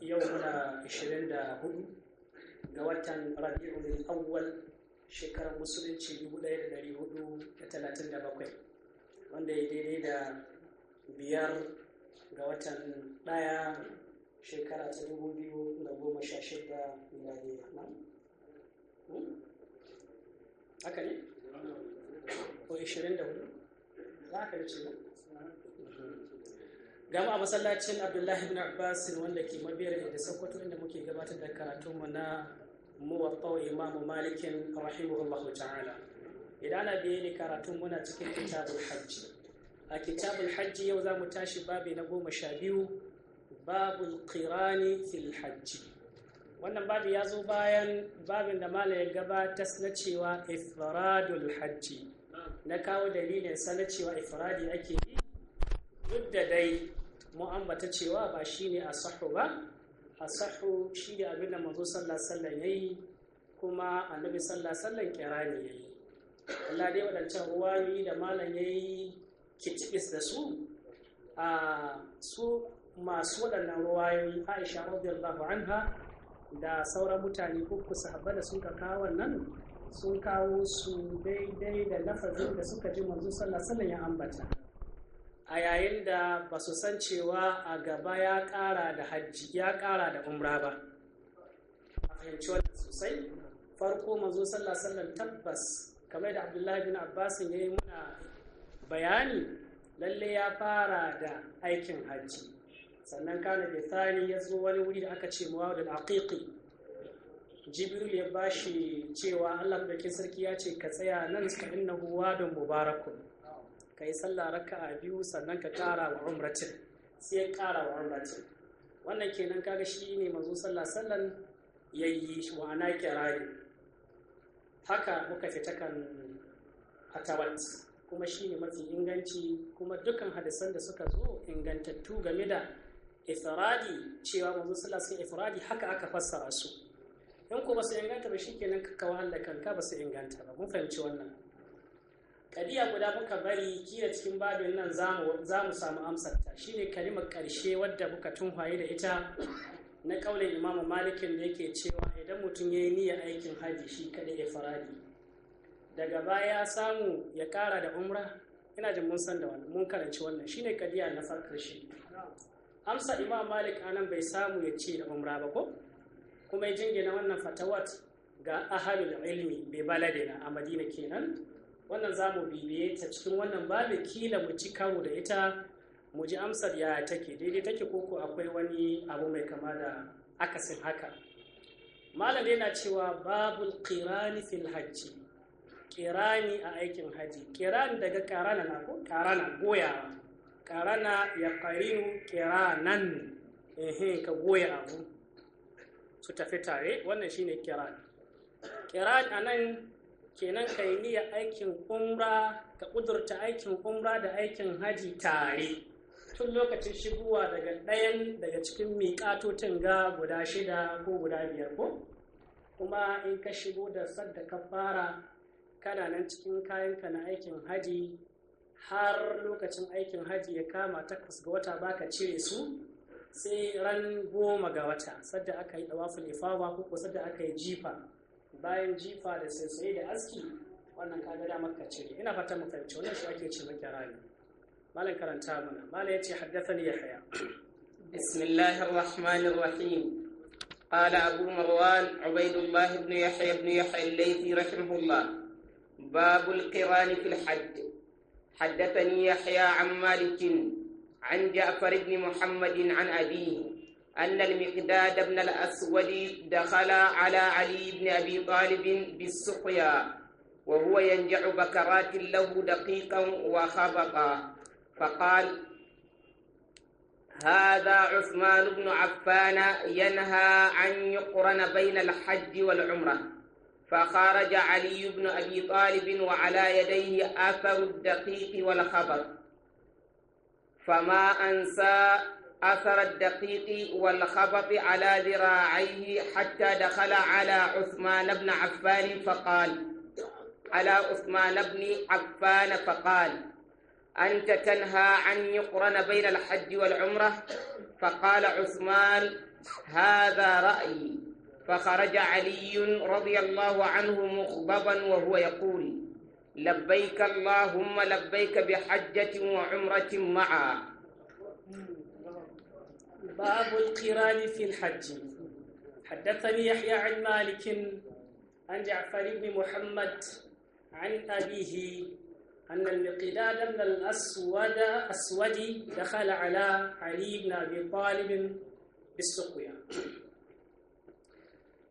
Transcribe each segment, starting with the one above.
yau muna 24 ga watan rabi'ul awwal shekarar musulunci 1437 wanda ya daidai da biyar ga watan ɗaya shekara ta 2016 miladiya na? Hmm? haka ne? ko 24 za ka da ce gama a masallacin abdullahi ibn abbas wanda ke mabiyar da sokoto inda muke gabatar da karatunmu na muwaffau imamu malikin rahimahullahu ta'ala idan ana biye ne karatun muna cikin kitabul hajji a kitabul hajji yau za mu tashi babi na goma sha biyu babul qirani fil hajji wannan babi ya zo bayan babin da malam ya gabatas na cewa ifradul hajji na kawo dalilin sa na cewa ifradi ake yi duk da dai muambata cewa ba shi ne a sahu ba a sahu shi ne abin da mazo sallasallan ya yi kuma annabi sallasallan kirani ya yi Allah dai waɗancan ruwa yi da malam ya yi kitibis da su a su masu waɗannan ruwa ruwayoyi aisha radiyallahu anha da sauran mutane uku sahabba da sun kawo wannan sun kawo su daidai da lafazin da suka ji manzo sallah ya ambata a yayin da ba su san cewa a gaba ya ƙara da hajji ya ƙara da umra ba a fahimci wannan sosai farko manzo sallah, tabbas kamar da abdullahi bin abbasin ya yi muna bayani lalle ya fara da aikin hajji sannan kana bithani ya zo wani wuri da aka ce da aqiqi jibril ya bashi cewa allah da sarki ya ce ka tsaya nan ka innahu don mubarakun ka yi sallah a biyu sannan ka kara wa umratin sai ya kara wa umratin wannan kenan kaga shi ne manzo sallah sallan yayi yi wa ana kirari haka muka ce ta kan atawat kuma shi ne mafi inganci kuma dukkan hadisan da suka zo ingantattu game da ifradi cewa manzo sallah sun ifradi haka aka fassara su in ko ba su inganta ba shi ka kawo kanka ba su inganta ba mun fahimci wannan kadiya guda muka bari kila cikin babin nan za mu samu amsarta shine kalimar ƙarshe wadda muka tunhaye da ita na ƙaunin imamu malikin da yake cewa idan mutum ya yi niyyar aikin haji shi kadai ya faradi daga baya samu ya ƙara da umra ina jin mun san da wannan mun karanci wannan shine kadiya na farkar shi amsa imam malik anan bai samu ya ce da umra ba ko kuma ya jingina wannan fatawat ga ahalul ilmi bai na a madina kenan wannan za mu bibiye ta cikin wannan babu kila mu ci kawo da ita mu ji amsar ya take daidai take koko akwai wani abu mai kama da akasin haka malam yana cewa babul qirani fil hajji kirani a aikin haji kirani daga karana na ko karana goya. karana ya karinu kiranan ehe ka goya abu su tafi tare wannan shine kirani kirani anan kenan ka yi niyyar aikin umra ka ƙudurta aikin umra da aikin haji tare tun lokacin shigowa daga ɗayan daga cikin miƙatotin ga guda shida ko guda biyar ko kuma in ka shigo da sadda ka fara kana nan cikin kayanka na aikin haji har lokacin aikin haji ya kama takwas ga wata baka cire su sai ran goma ga wata sadda aka yi ɗawafin ifawa ko sadda aka yi jifa bayan jifa da saisaye da aski wannan kaga da maka cire ina fata mu fahimci wannan shi ake ce maka rani malam karanta mana malam yace haddathani yahya bismillahir rahmanir rahim قال أبو مروان عبيد الله بن يحيى بن يحيى الليثي رحمه الله باب القران في الحج حدثني يحيى عن مالك عن جعفر بن محمد عن أبيه أن المقداد بن الأسود دخل على علي بن أبي طالب بالسقيا وهو ينجع بكرات له دقيقا وخبطا فقال هذا عثمان بن عفان ينهى أن يقرن بين الحج والعمرة فخرج علي بن أبي طالب وعلى يديه آثر الدقيق والخبر فما أنسى أثر الدقيق والخبط على ذراعيه حتى دخل على عثمان بن عفان فقال على عثمان بن عفان فقال أنت تنهى عن يقرن بين الحج والعمرة فقال عثمان هذا رأيي فخرج علي رضي الله عنه مغضبا وهو يقول لبيك اللهم لبيك بحجة وعمرة معا باب القران في الحج حدثني يحيى عن مالك عن جعفر بن محمد عن أبيه أن المقداد بن الأسود أسود دخل على علي بن أبي طالب بالسقيا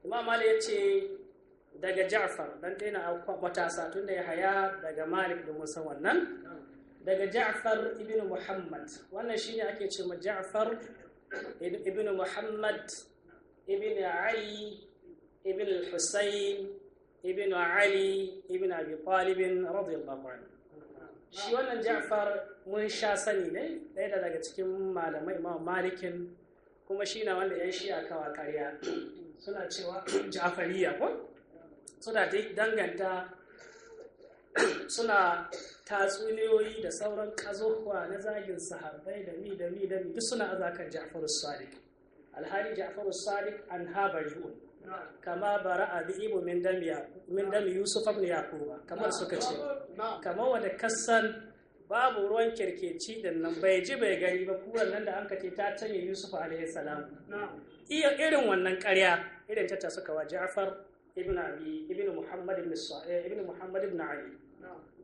Imam Ali ya ce daga Ja'far dan daina matasa tun da haya daga Malik da Musa wannan daga Ja'far ibn Muhammad wannan shine ake ce ma Ja'far ابن muhammad ابن ali ابن al-husayn علي ali ابي طالب رضي الله عنه shi wannan ja'far mun sha sani ne ɗaya daga cikin malamai imam malikin kuma shi na wanda yan shi'a kawa karya suna cewa ja'fariya ko suna danganta suna tatsuniyoyi da sauran kazowa na zagin sahabbai da mi da mi da mi duk suna azakar Ja'far Sadiq alhari Ja'far Sadiq an kama a bi ibu min dam Yusuf ibn kamar suka ce Kama wanda kassan babu ruwan kirkeci da nan bai ji bai gani ba kuran nan da an kace ta canye Yusuf alaihi salam iya irin wannan karya, irin ta suka wa Ja'far ibn abi ibn muhammad ibn ibn muhammad ibn ali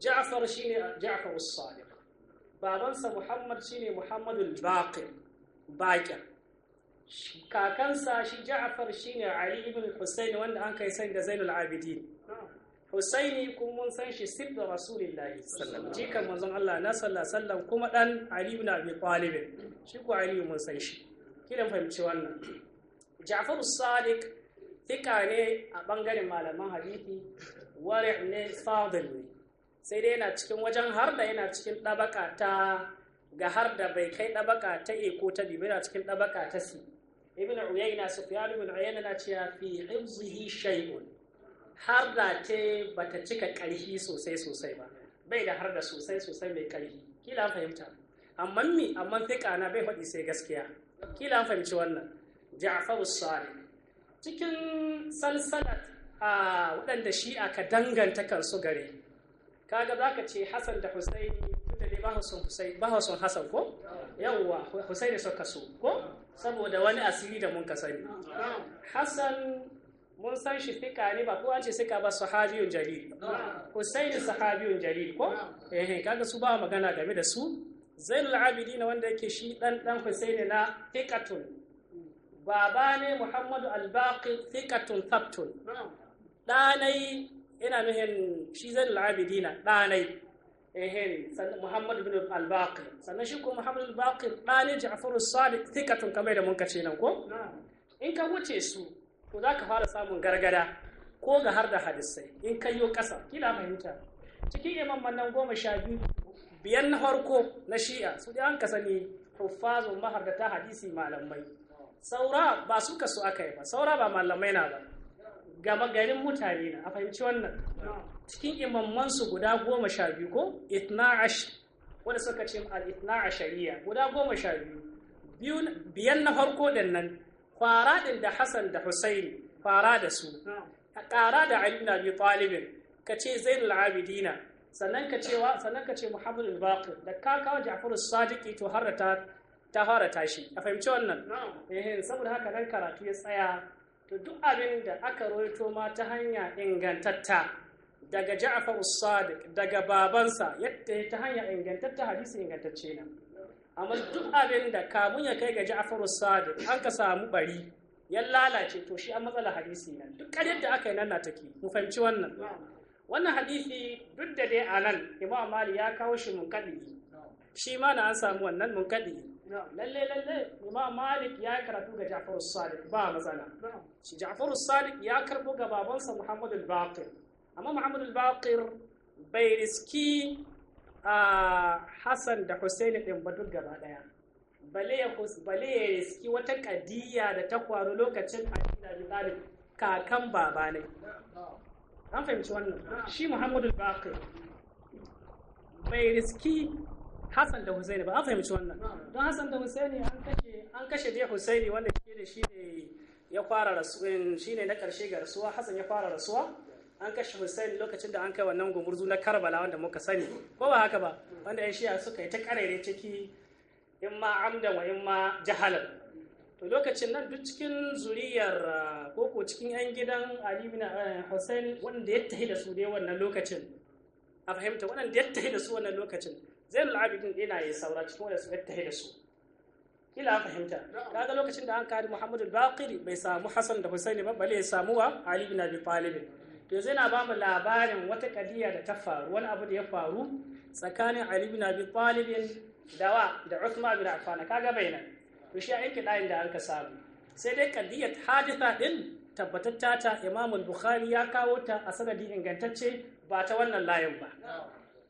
ja'far shine ja'far as-sadiq babansa muhammad shine muhammad al-baqir baqir kakansa shi ja'far shine ali ibn husayn wanda an kai sani da zainul abidin husaini kun mun san shi sibda rasulillahi sallallahu jikan manzon Allah na sallallahu sallam kuma dan ali ibn abi talib shi ko ali mun san shi kidan fahimci wannan ja'far as-sadiq fika ne a ɓangaren malaman hadithi ware ne fadil ne sai dai yana cikin wajen har da yana cikin ɗabaka ta ga har da bai kai ɗabaka ta e ko ta biyu yana cikin ɗabaka ta si ibn uyayna sufyan ibn uyayna na ya fi zuhi shay'un har da ta bata cika ƙarfi sosai sosai ba bai da har da sosai sosai mai ƙarfi kila fahimta amma mi amma fika na bai faɗi sai gaskiya kila fahimci wannan ja'far salih cikin salsalat a waɗanda shi'a ka danganta kansu gare kaga za ka ce hassan da husaini tunda dai ba son ba son hassan ko yawwa husaini suka so ko saboda wani asiri da mun ka sani hassan mun san shi fika ne ba kowa ce suka ba sahabiyun jalil husaini sahabiyun jalil ko eh kaga su ba magana game da su zainul abidin wanda yake shi dan dan husaini na fiqatun baba ne muhammadu albaqir thiqatun thabtun ɗanai ina nuhin shi zan al'abidina ɗanai ehin muhammadu bin albaqir sannan shi ko muhammadu albaqir ɗane ja'faru sadiq thiqatun kamar da mun kace nan ko in ka wuce su to zaka fara samun gargada ko ga har da hadisai in ka yo kasa kila fahimta cikin imam mannan goma sha biyu biyan na farko na shi'a su dai an ka sani da ta hadisi malamai saura ba su kasu aka yi ba saura ba malamai na ba gama garin mutane na a fahimci wannan cikin imamman su guda goma sha biyu ko itna ash wanda suka ce al itna ashariya guda goma sha biyu biyan na farko din nan fara din da hasan da Husaini fara da su a ƙara da Ali na bi talibin ka ce Zainul Abidina sannan ka ce sannan ka ce Muhammadu Baqir da ka kawo Ja'far Sadiqi to harrata ta fara tashi a fahimci wannan saboda haka nan karatu ya tsaya to duk abin da aka roito ma ta hanya ingantatta daga Ja'far Sadiq daga babansa yadda ta hanya ingantatta hadisi ingantacce na amma duk abin da kamun ya kai ga Ja'far Sadiq an ka samu bari ya lalace to shi an matsala hadisi nan duk ƙaryar da aka yi nan na take mu fahimci wannan wannan hadisi duk da dai a nan imam mali ya kawo shi mun kadi. shi ma na an samu wannan mun kadi. lalle lalle imam malik ya karatu ga ja'far sadiq ba matsala shi ja'far sadiq ya karbo ga babansa muhammad al-baqir amma muhammad al-baqir bai riski a hassan da Hussein din ba duk gaba daya bale ya bale ya riski wata kadiya da ta kwaro lokacin ali da talib kakan baba ne an fahimci wannan shi muhammad al-baqir bai riski Hassan da Hussaini ba an fahimci wannan don Hassan da Hussaini an kashe an kashe dai Hussaini wanda yake da shi ne ya fara rasuwa eh, shi ne na karshe ga rasuwa Hassan ya fara rasuwa an kashe Hussaini lokacin da an kai wannan gumurzu na Karbala wanda muka sani ko ba haka ba wanda ƴan Shi'a suka yi ta karere ciki in ma amda wa in ma jahalan to lokacin nan duk cikin zuriyar ah, ko ko cikin 'yan gidan Ali bin eh, Hussein wanda ya tahi da su dai wannan lokacin a fahimta da ya tahi da su wannan lokacin zainul abidin ɗina ya saura cikin wanda su tahi da su kila an fahimta kaga lokacin da an kari muhammadu baqiri bai samu Hassan da husaini ba bale ya samu wa ali bin abi talib to yanzu yana ba mu labarin wata kadiya da ta faru wani abu da ya faru tsakanin ali bin abi talib da wa da uthman bin affan kaga bayanan to shi a yanke ɗayan da an ka samu sai dai kadiyat haditha din tabbatatta ta imamul bukhari ya kawo ta a sanadi ingantacce ba ta wannan layin ba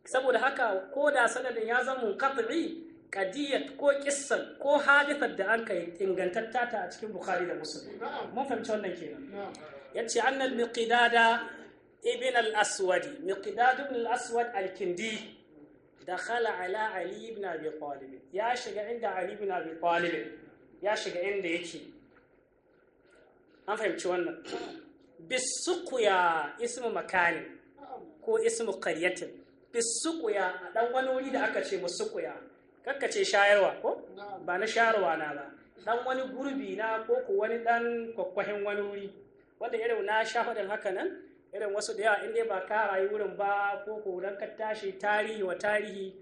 saboda haka ko da sanadin ya zama munqati kadiyat ko kissan ko hadithar da an kai ingantatta ta a cikin bukhari da muslim mun fahimci wannan kenan yace annal miqdada ibn al-aswad miqdad ibn al-aswad al-kindi dakhala ala ali ibn abi talib ya shiga inda ali ibn abi talib ya shiga inda yake an fahimci wannan bisuqya ismu makani ko ismu qaryatin isukuya a dan wani wuri da aka ce musukuya kakkace shayarwa ko ba na shayarwa na ba dan wani gurbi na ko ku wani dan kwakwahin wani wuri wanda irin na sha faɗin haka nan irin wasu da yawa in dai ba ka rayu wurin ba ko ku dan ka tashi tarihi wa tarihi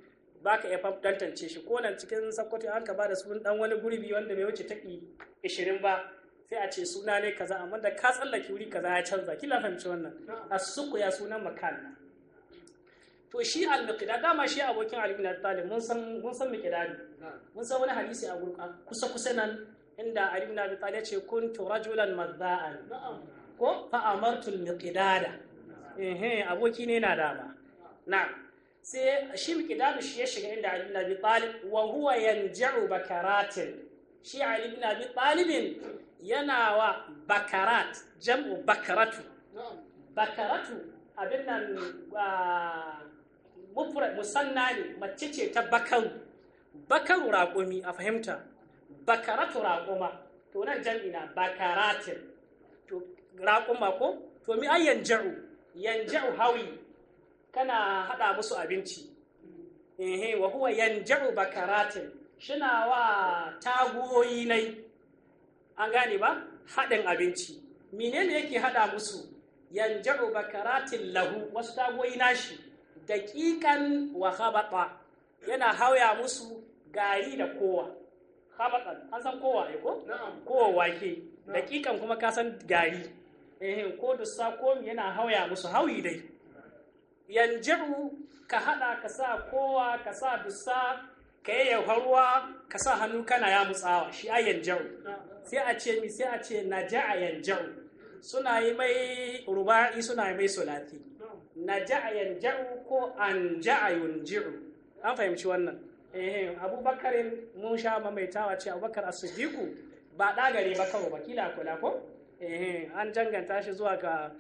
ba ka iya tantance shi ko nan cikin sakkwato an ka ba da sunan dan wani gurbi wanda bai wuce taki ishirin ba sai a ce suna ne kaza amma da ka tsallake wuri kaza ya canza kila fahimci wannan a sukuya sunan makan to shi al-miqdad dama shi abokin Ali ibn Abi mun san mun san miqdad mun san wani hadisi a gurka kusa kusa nan inda Ali ibn Abi Talib ce kuntu rajulan mazza'an ko fa amartu al-miqdada eh aboki ne na dama na'am sai shi miqdad shi ya shiga inda Ali ibn Abi Talib wa huwa yanja'u bakaratin shi Ali ibn Abi Talib yana wa bakarat jam'u bakaratu bakaratu abin nan mufrad musanna ne mace ce ta bakaru bakaru raƙumi a fahimta bakaratu raƙuma to nan jam'i na bakaratin to raƙuma ko to mi ai yanja'u yanja'u hawi kana hada musu abinci ehe wa huwa yanja'u bakaratin shina wa tagoyi nai an gane ba haɗin abinci menene yake hada musu yanja'u bakaratin lahu wasu taguoyi nashi daƙiƙan wa habata yana hauya musu gari da kowa habatan an san kowa ne ko kowa wake daƙiƙan kuma ka san gari eh ko dussa ko yana hauya musu hauyi dai yanjiru ka haɗa ka sa kowa ka sa dussa ka ya ruwa ka sa hannu kana ya mutsawa shi a yanjau sai a ce mi sai a ce na ja a yanjau suna yi mai ruba'i suna yi mai solati na ja'ayan ja'u ko an ja'ayun ji'u an fahimci wannan ehe abubakarin mun sha mamaitawa ce abubakar as ba dagare ba kawo ba kila kula ko ehe an janganta shi zuwa ga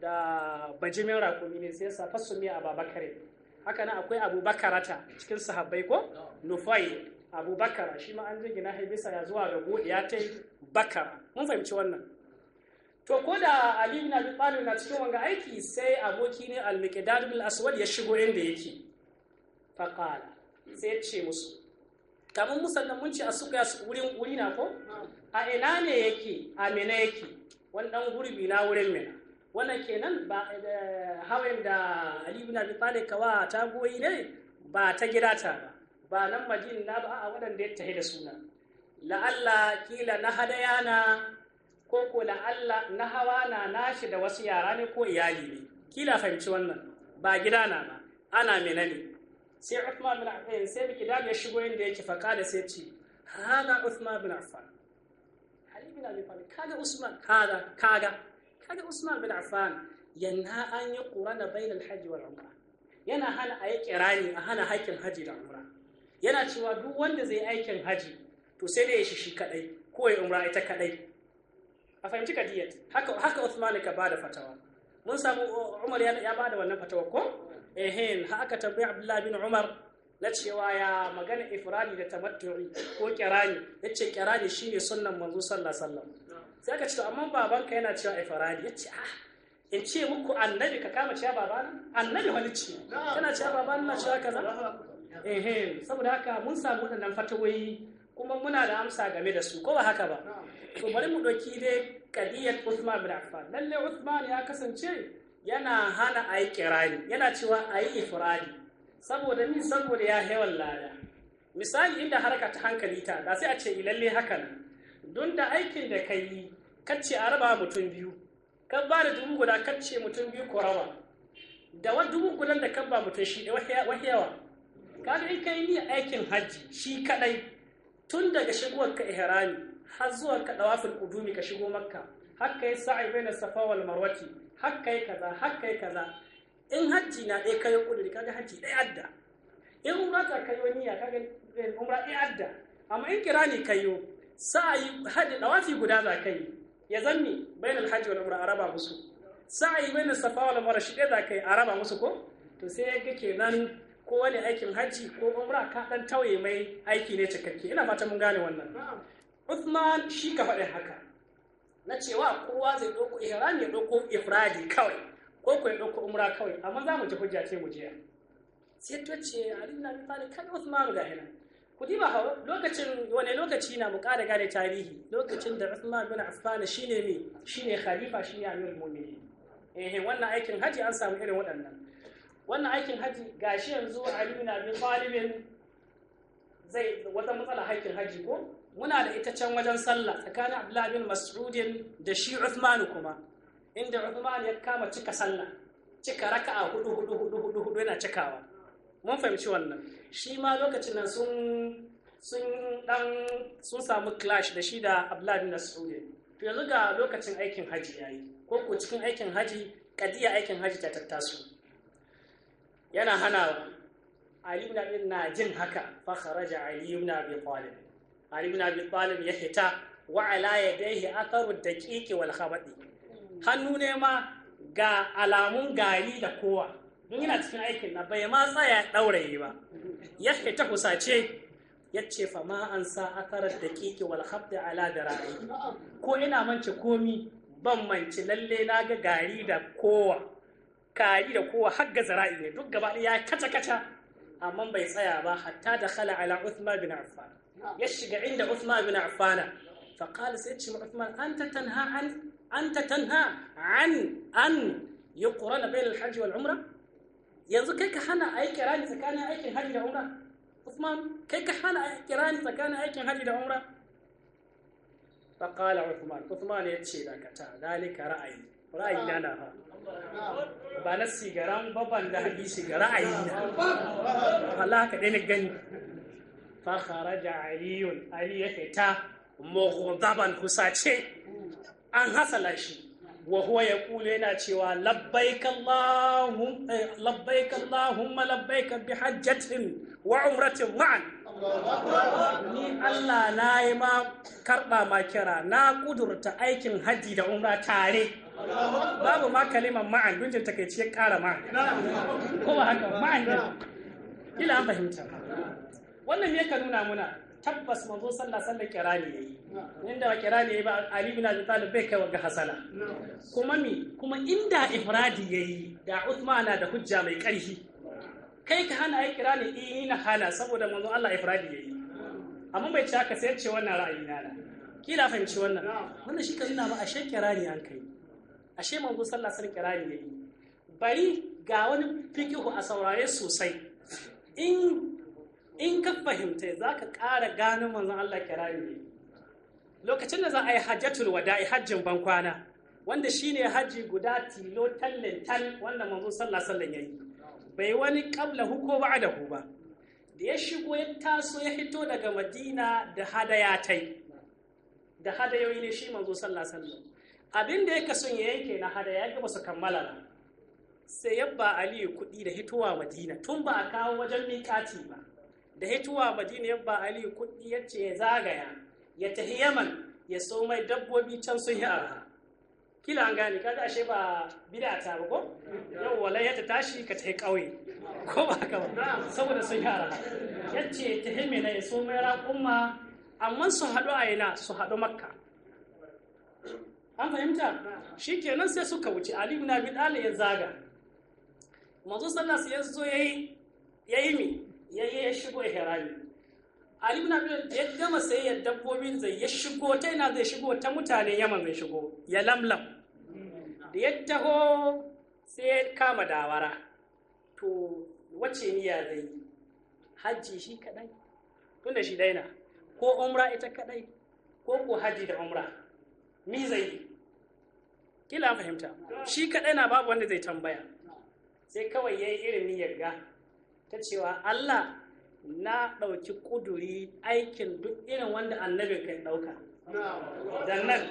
da bajimin rakumi ne sai sa fasumi abubakar haka nan akwai abubakarata cikin sahabbai ko nufai abubakara shi ma an jingina haibisa ya zuwa ga godiya ta bakara mun fahimci wannan to ko da ali bin abi talib na cikin wanga aiki sai aboki ne al-miqdad bil aswad ya shigo inda yake fa qala sai yace ce musu kamar musallan mun ce a suka ya wurin wuri na ko a ina ne yake a mena yake wannan gurbi na wurin mena. wannan kenan ba eh, hawayen da ali bin abi talib kawa ta goyi ne ba ta gida ta ba ba nan madina ba a waɗanda ya tahi da suna la'alla kila na hadayana ko ko Allah na hawa na nashi da wasu yara ne ko iyali ne kila fahimci wannan ba gida na ba ana mena ne sai Uthman bin Affan sai biki da ya shigo inda yake faka da sai ce hada Uthman bin Affan Ali bin Abi Talib kada Usman kada kaga kada Usman bin Affan yana an yi qurana bainal hajji wal umra yana hana a yi kirani a hana haƙƙin haji da umra yana cewa duk wanda zai aikin haji to sai da ya shi shi kadai ko ya umra ita kadai a fahimci kadiyat haka haka Uthman ka bada fatawa mun samu Umar ya bada wannan fatawa ko ehin haka tambayi Abdullah bin Umar na cewa ya magana ifrani da tamattu'i ko kirani yace kirani shine sunnan manzo sallallahu alaihi wasallam sai aka ce amma babanka yana cewa ifrani yace ah in ce muku annabi ka kama cewa babana annabi halicci kana cewa babana na cewa kaza ehe saboda haka mun samu wadannan fatawoyi kuma muna da amsa game da su ko ba haka ba so bari mu ɗauki dai ƙadiyar Usman bin Affan lalle Usman ya kasance yana hana a yi kirani yana cewa a yi ifradi saboda min saboda ya hewan lada misali inda harka ta hankali ta da sai a ce lalle hakan don da aikin da ka yi kacce a raba mutum biyu ka ba da dubu guda kacce mutum biyu ko rawa da wani dubu gudan da ka ba mutum shi da wahewa Kada in ka yi aikin hajji shi kadai tun daga shigowar ka ihrami har zuwa ka dawafil qudumi ka shigo makka haka yi sa'i baina safa wal marwati haka yi kaza haka yi kaza in hajji na ɗaya kayo ƙudiri kaga hajji ɗaya adda in umra ta kayo niyya kaga eh, umra ɗaya adda amma in kirani kayo sa'ayi hadi dawafi guda za ka yi ya zanni bainal hajji wal umra raba musu sa'ayi bainas safa wal marwa shi ɗaya za ka yi raba musu ko to sai ya ga kenan ko wani aikin hajji ko umra ka ɗan tauye mai aiki ne cikakke ina fata mun gane wannan Uthman shi ka faɗin haka na cewa kowa zai ɗauko ihram ya ɗauko ifradi kawai ko ko ya ɗauko umra kawai amma za mu ji hujja ce mu je sai to ce Ali ibn Abi Talib kan Uthman ga hina ku diba lokacin wani lokaci na mu ƙara gane tarihi lokacin da Uthman bin Affan shine me shine khalifa shine amirul mu'minin eh wannan aikin haji an samu irin waɗannan wannan aikin haji gashi yanzu Ali ibn Abi Talib zai wata matsala aikin haji ko muna da ita can wajen sallah tsakanin abdullahi bin mas'udin da shi uthman kuma inda uthman ya kama cika sallah cika raka'a hudu hudu hudu hudu hudu yana cikawa mun fahimci wannan shi ma lokacin nan sun sun dan sun samu clash da shi da abdullahi bin mas'udin to yanzu ga lokacin aikin haji yayi ko ko cikin aikin haji kadiya aikin haji ta tattaso yana hana Ali ibn Abi na jin haka fa kharaja Ali ibn Abi Talib ali ibn abi talib ya hita wa ala yadayhi atharu daqiqi wal khabadi hannu ne ma ga alamun gari da kowa don yana cikin aikin na bai ma tsaya ɗauraye ba ya hita kusace ya ce fa ma an sa atharar daqiqi wal khabdi ala dara'i ko ina mance komi ban manci lalle na ga gari da kowa kari da kowa har ga zara'i ne duk gaba ya kaca kaca amma bai tsaya ba hatta da khala ala Uthman bin Affan ya shiga inda Uthman bin Affan fa qala sai ce Uthman anta tanha an anta tanha an an yuqrana bain al-hajj wal umra yanzu kai ka hana ayi kirani tsakanin aikin hajji da umra Uthman kai ka hana ayi kirani tsakanin aikin hajji da umra fa qala Uthman Uthman ya ce dakata zalika ra'ayi ra'ayi na na fa ba na sigaran baban da hadisi ga ra'ayi na Allah ka dai gani fa kharaja aliyun ali ya fita mughdaban kusace an hasala shi wa huwa yaqulu yana cewa labbaik allahum eh, labbaik allahumma labbaik bi hajjatin wa umratin ma'an ni Allah na yi ma ma kira na kudurta aikin hajji da umra tare babu ma kalimar ma'an dunjin takaiciyar ƙara ma ko ba haka ma'an ila an fahimta wannan me ka nuna muna tabbas manzo sallah sallah kirani yayi inda ba kirani yayi ba ali bin abi talib bai kai wa hasala kuma mi kuma inda ifradi yayi da usmana da hujja mai karfi kai ka hana ai kirani ne eh, ni na hana saboda manzo Allah ifradi yayi amma bai ci haka sai ce wannan ra'ayi na na kila fahimci wannan wannan shi ka nuna ba ashe kirani an kai ashe manzo sallah sallah kirani yayi bari ga wani fikihu a saurare sosai in in ka fahimta za ka ƙara gano manzon Allah kirari ne lokacin da za a yi hajjatul wada'i hajjin bankwana wanda shine haji guda tilo tallin tal wanda manzo sallah sallan yayi bai wani kabla hu ko da ba da ya shigo ya taso ya hito daga Madina da hadayatai da hadayoyi ne shi manzo sallah sallan abin da ya son ya yanke na hadaya ga basu kammala ba sai yabba Aliyu kuɗi da hitowa Madina tun ba a kawo wajen miƙati ba da hituwa madina ya ba ali kuɗi ya ce ya zagaya ya tafi yaman ya so mai dabbobi can sun yi arha kila an gane kaga ashe ba bid'a ta ba ko yau wala ya ta tashi ka tafi ƙauye ko ba ka ba saboda sun yi arha ya tafi mai na ya so mai raƙumma amma su haɗu a yana su haɗu makka an fahimta shikenan sai suka wuce ali na abi talib ya zaga manzo sallallahu alaihi wasallam ya zo yayi yayi mi ya yi ya shigo ihrami Ali ibn Abdul ya gama sayayyar dabbobin zai ya shigo ta ina zai shigo ta mutane Yaman zai shigo ya lamlam da ya taho sai ya kama dawara to wace niyya zai yi hajji shi kadai tunda shi daina ko umra ita kadai ko ko hajji da umra Mi zai yi kila an fahimta shi kadai na babu wanda zai tambaya sai kawai yayi irin niyyar ga ta cewa Allah na ɗauki ƙuduri aikin duk irin wanda annabi kai ɗauka jannan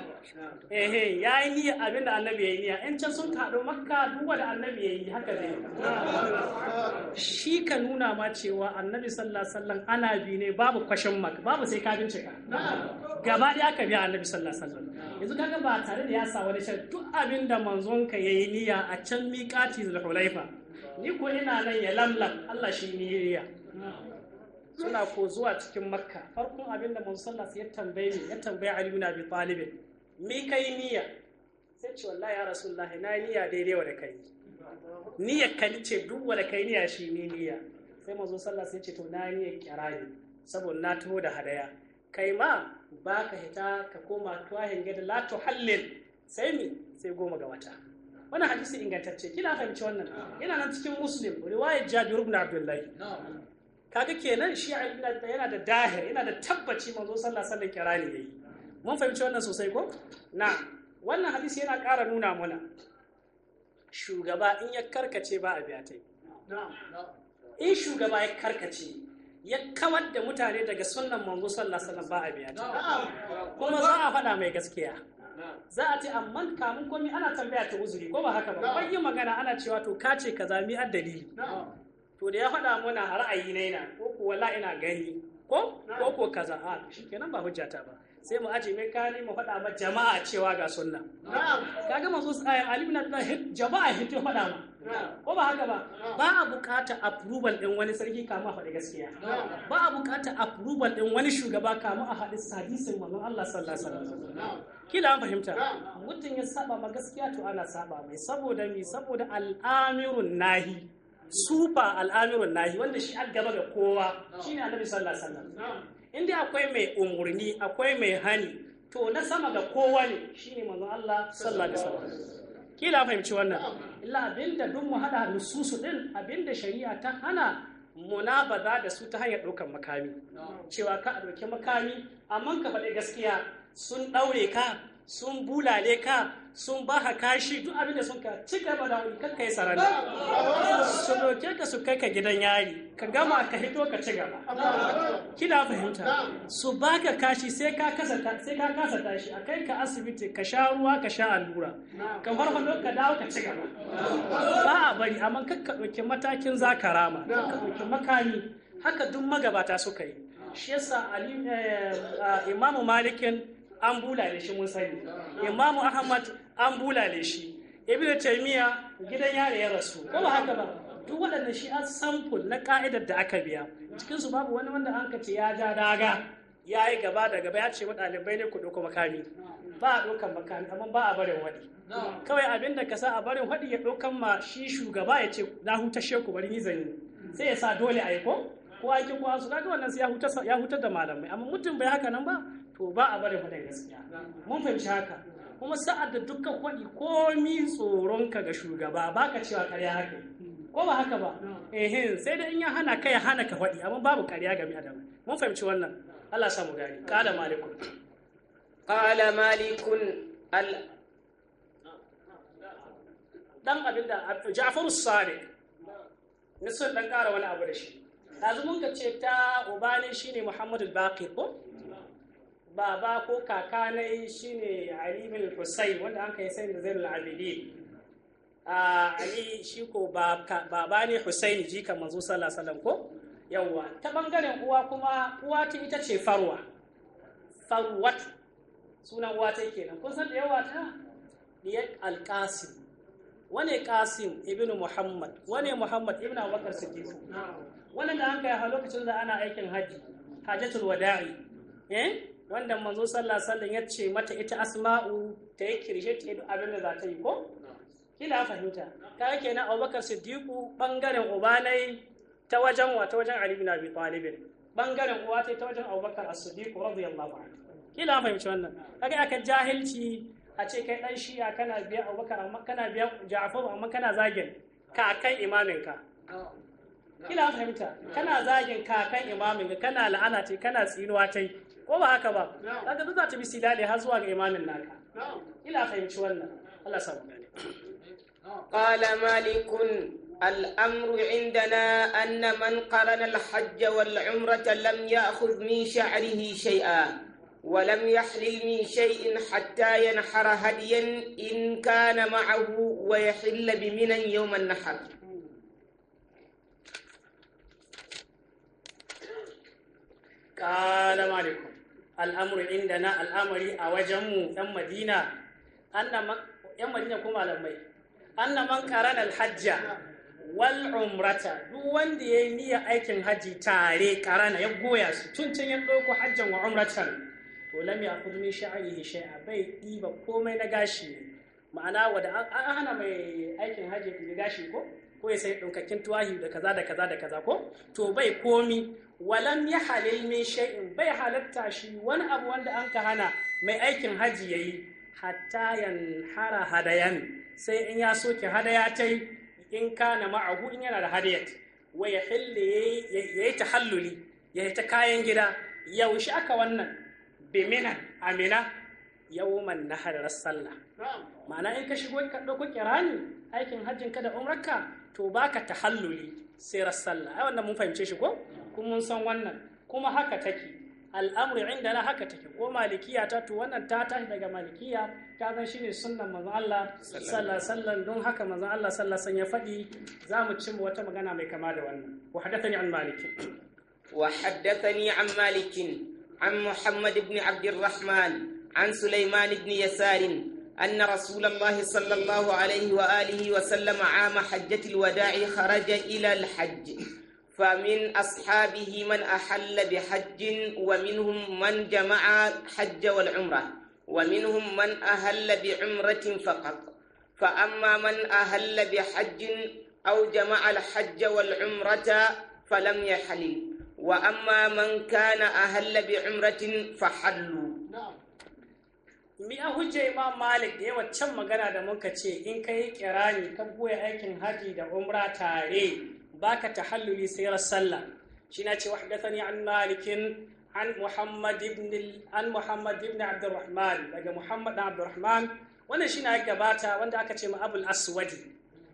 ehe ya yi niyya abin da annabi ya yi niyya in can sun taɗo makka duk wanda annabi ya yi haka zai shi ka nuna ma cewa annabi sallallahu alaihi wasallam ana bi ne babu kwashin mak babu sai ka bincika gaba ɗaya aka biya annabi sallallahu alaihi wasallam yanzu kaga ba tare da ya sa wani shan duk abin da manzon ka yi niyya a can miƙati hulaifa. ni ko ina nan ya lamlam Allah shi miriya suna ko zuwa cikin makka farkon abin da ya tambaye ni ya tambaye ali ibn abi talib mi kai niyya sai ce wallahi ya rasulullahi na niyya daidai wa da kai niyya kan ce duk wa da kai niyya shi ni niyya sai manzo sallallahu ya ce to na niyya kirani saboda na taho da hadaya kai ma ba ka hita ka koma tuwahin gida la tuhallil sai mi sai goma ga wata wannan hadisi ingantacce kina fahimci wannan yana nan cikin muslim riwayar jabir ibn abdullahi kaga kenan shi yana da dahir yana da tabbaci manzo sallallahu alaihi wasallam kirani yayi mun fahimci wannan sosai ko na wannan hadisi yana ƙara nuna mana shugaba in ya karkace ba a biya tai in shugaba ya karkace ya kawar da mutane daga sunnan manzo sallallahu alaihi wasallam ba a biya kuma za a faɗa mai gaskiya za a ce amma kamun komi ana tambaya ta uzuri ko ba haka ba kwan yi magana ana cewa to ka ce ka zami har dalili to da ya faɗa mana ra'ayi na yana ko kuwa la'ina ina gani ko ko kaza a kenan ba hujjata ba sai mu aje mai kali mu faɗa ma jama'a cewa ga sunna Ka manzo tsayin alim na da jama'a hito faɗa ma ko ba haka ba ba a bukata approval din wani sarki kamu a faɗi gaskiya ba a bukata approval din wani shugaba kamu a haɗi hadisin manzon Allah sallallahu alaihi wasallam kila an fahimta mutum ya saba ma gaskiya to ana saba mai saboda mi saboda al'amirun nahi sufa al'amirun nahi wanda shi an gaba ga kowa shine annabi sallallahu alaihi wasallam inda akwai mai umurni akwai mai hani to na sama ga kowa ne shine manzo Allah sallallahu alaihi wasallam kila fahimci wannan illa abinda duk mu hada nususu din abinda shari'a ta hana munabaza da su ta hanyar ɗaukar makami cewa ka a ɗauki makami amma ka faɗi gaskiya sun ɗaure ka sun bulale ka sun ba ka kashi duk abin da sun ka ci gaba da wani kakka yi sarari su doke ka su kai ka gidan yari ka gama ka hito ka ci gaba kina fahimta su ba ka kashi sai ka kasa tashi a kai ka asibiti ka sha ruwa ka sha allura ka don ka dawo ka ci gaba ba a bari amma kakka doke matakin zakarama kakka doke makami haka duk magabata suka yi shi yasa eh, eh, imamu malikin an bulale shi mun sani imamu ahmad an bulale shi ibnu taymiya gidan yare ya rasu ko ba haka ba duk waɗannan shi an sample na ka'idar da aka biya cikin su babu wani wanda an ce ya ja daga ya yi gaba da gaba ya ce wa ɗalibai ne ku ɗauko makami ba a ɗaukan makami amma ba a barin waɗi kawai abin da ka sa a barin waɗi ya ɗaukan ma shi shugaba ya ce na hutashe ku bari ni zanyi sai ya sa dole a yi ko ko aikin ko an su kaga wannan sai ya hutar da malamai amma mutum bai haka nan ba to ba a bari faɗa gaskiya mun fahimci haka kuma sa'ad da dukkan kwaɗi komi tsoronka ga shugaba ba ka cewa karya haka ko ba haka ba ehin sai da in ya hana ka ya hana ka faɗi amma babu karya game da mun fahimci wannan Allah mu gani qala malikun qala malikun al dan abinda Ja'far as-Sadiq nisan dan ƙara wani abu da shi yanzu mun ka ce ta ubani shine Muhammadu al-Baqir ko baba ko kaka na yi shine ali bin husayn wanda an kai sayin da zai abidin ali shi ko baba ne husayn jika manzo sallallahu alaihi ko yawwa ta bangaren uwa kuma uwa ta ita ce farwa farwat sunan uwa ta kenan kun san da yawa ta diyar alqasim wane qasim ibnu muhammad wane muhammad ibnu abubakar siddiq wannan da an kai a lokacin da ana aikin haji hajjatul wada'i eh wanda manzo sallallahu alaihi ya ce mata ita asma'u ta yi kirshe ta yi abin da za ta yi ko kila fahimta ta yake na abubakar siddiqu bangaren ubanai ta wajen wa ta wajen ali bin abi talib bangaren uwa ta wajen abubakar as-siddiq radiyallahu anhu kila fahimci wannan kaga aka jahilci a ce kai dan shi'a kana biya abubakar amma kana biya ja'far amma kana zagin kakan imaminka kila fahimta kana zagin kakan imaminka kana la'ana ce kana tsinuwa ta ko ba haka ba kaga duk za ta bi silale har zuwa ga imanin naka ila fahimci wannan Allah samu gane قال مالك الأمر عندنا أن من قرن الحج والعمرة لم يأخذ من شعره شيئا ولم يحلل من شيء حتى ينحر هديا إن كان معه ويحل بمنى يوم النحر قال مالك inda na al'amari a wajenmu ɗan madina ‘yan madina ko malamai anna man karan alhajja wal umrata duk wanda ya yi niyya aikin haji tare karana ya goya su tun can ya ɗauko hajjan wa umratan to lam ya kudu min sha'arihi a bai ɗiba komai na gashi ma'ana wanda an hana mai aikin haji gashi ko ko ya sai ɗaukakin tuwahi da kaza da kaza da kaza ko to bai komi walam ya halil min shay'in bai halatta shi wani abu wanda an ka hana mai aikin haji yayi hatta yanhara hadayan sai in ya soke hadaya ta yi in kana ma'ahu in yana da hadayat wa ya ta yayi tahalluli yayi ta kayan gida yaushe aka wannan bimina amina yawman naharar sallah ma'ana in ka shigo ka ɗauko kirani aikin hajjin ka da umrarka to baka ta tahalluli sai ras ai wannan mun fahimce shi ko kun mun san wannan kuma haka take al'amri inda na haka take ko malikiya ta to wannan ta tashi daga malikiya ta zan shine sunnan manzon Allah sallallahu alaihi don haka manzon Allah sallallahu alaihi ya faɗi zamu cin wata magana mai kama da wannan wa hadathani an malik wa hadathani an malik an muhammad ibn abd arrahman an sulaiman ibn yasar أن رسول الله صلى الله عليه وآله وسلم عام حجة الوداع خرج إلى الحج فمن أصحابه من أحل بحج ومنهم من جمع حج والعمرة ومنهم من أهل بعمرة فقط فأما من أهل بحج أو جمع الحج والعمرة فلم يحلل وأما من كان أهل بعمرة فحلوا mi a hujja imam malik da yawan can magana da muka ce in ka yi kirani ka goya aikin haji da umra tare baka tahalluli sirar sallah shi na ce wa wahdathani an malikin an muhammad ibn an muhammad ibn abdurrahman daga muhammad ibn abdurrahman wannan shi na gabata wanda aka ce ma abul aswadi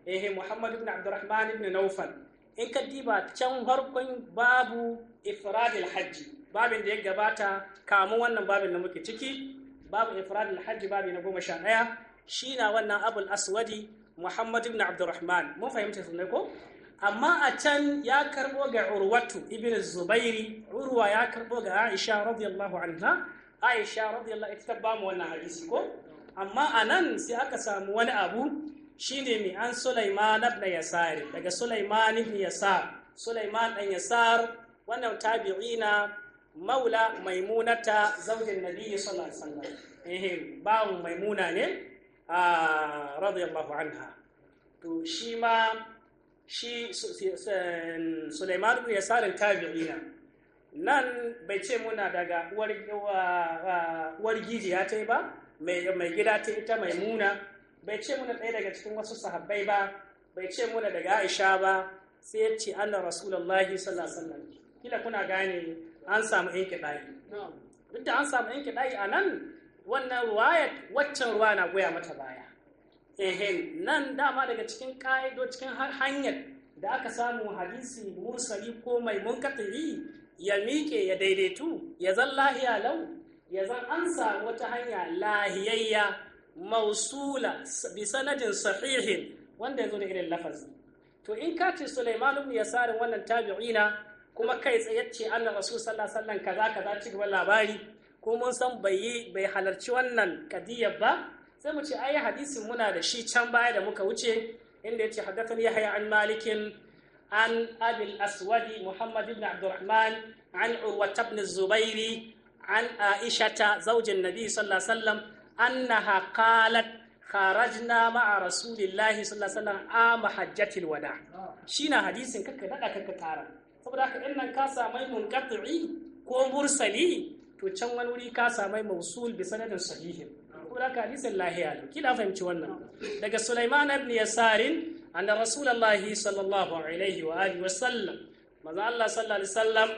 eh muhammad ibn abdurrahman ibn naufal in ka diba can farkon babu ifradil hajji babin da ya gabata kamun wannan babin da muke ciki babu ifradil hajji babi na goma sha ɗaya shi na wannan abul aswadi muhammad ibn abdurrahman mun fahimta sunai ko amma a can ya karɓo ga urwatu ibn zubairi urwa ya karɓo ga aisha radiyallahu anha aisha radiyallahu ita ta bamu wannan hadisi ko amma a nan sai aka samu wani abu shine mai an sulaiman ibn yasar daga sulaiman ibn yasar sulaiman dan yasar wannan tabi'ina maula maimunata zaujin nabiyyi sallallahu alaihi wasallam eh bawo maimuna ne ah, radiyallahu anha to shi ma shi Sulaiman ibn Yasarin tabi'ina nan bai ce muna daga uwar gijiya ta ba mai gida ta ita mai muna bai ce muna ɗaya daga cikin wasu sahabbai ba bai ce muna daga Aisha ba sai ya ce anna rasulallah sallallahu alaihi wasallam kila kuna gane an samu yanke ɗayi duk da an samu yanke ɗayi a nan wannan ruwayat waccan ruwa na goya mata baya ehen nan dama daga cikin ƙa'ido cikin hanyar da aka samu hadisi mursali ko mai munkatiri ya miƙe ya daidaitu ya zan lahiya lau ya zan an samu wata hanya lahiyayya mausula bi sanadin sahihin wanda ya zo da irin lafazi to in ka ce ya ibn Yasar wannan na kuma kai tsaye ce annabi Rasul sallallahu alaihi kaza kaza ci gaba labari ko mun san bai halarci wannan kadiyar ba sai mu ce ayi hadisin muna da shi can baya da muka wuce inda yace hadathani yahya an malikin an abil aswadi muhammad ibn abdurrahman an urwa ibn zubairi an aishata zaujin nabi sallallahu alaihi wasallam annaha qalat kharajna ma'a rasulillahi sallallahu alaihi wasallam ama hajjatil wada shine hadisin kaka dada kaka kara saboda haka in nan ka samai munqati ko mursali to can wani wuri ka samai mausul bi sanadin sahihin kula ka hadisin lahiya ne kila fahimci wannan daga Sulaiman ibn Yasarin anna Rasulullahi sallallahu alaihi wa alihi wa sallam maza Allah sallallahu alaihi wasallam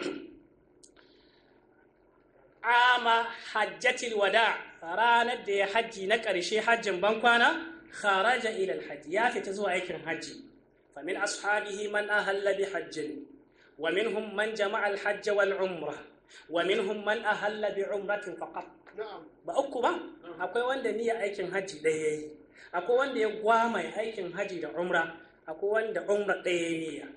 ama hajjatil wada ranar da ya hajji na ƙarshe hajjin bankwana kharaja ila alhajj ya fita zuwa aikin hajji famin ashabihi man ahalla bi hajjin wa minhum man jama'a alhajj wal umrah wa minhum a ahalla bi umratin faqat ba uku ba akwai wanda niyya aikin haji ɗaya yayi akwai wanda ya gwama aikin haji da umra akwai wanda umra ɗaya ya niyya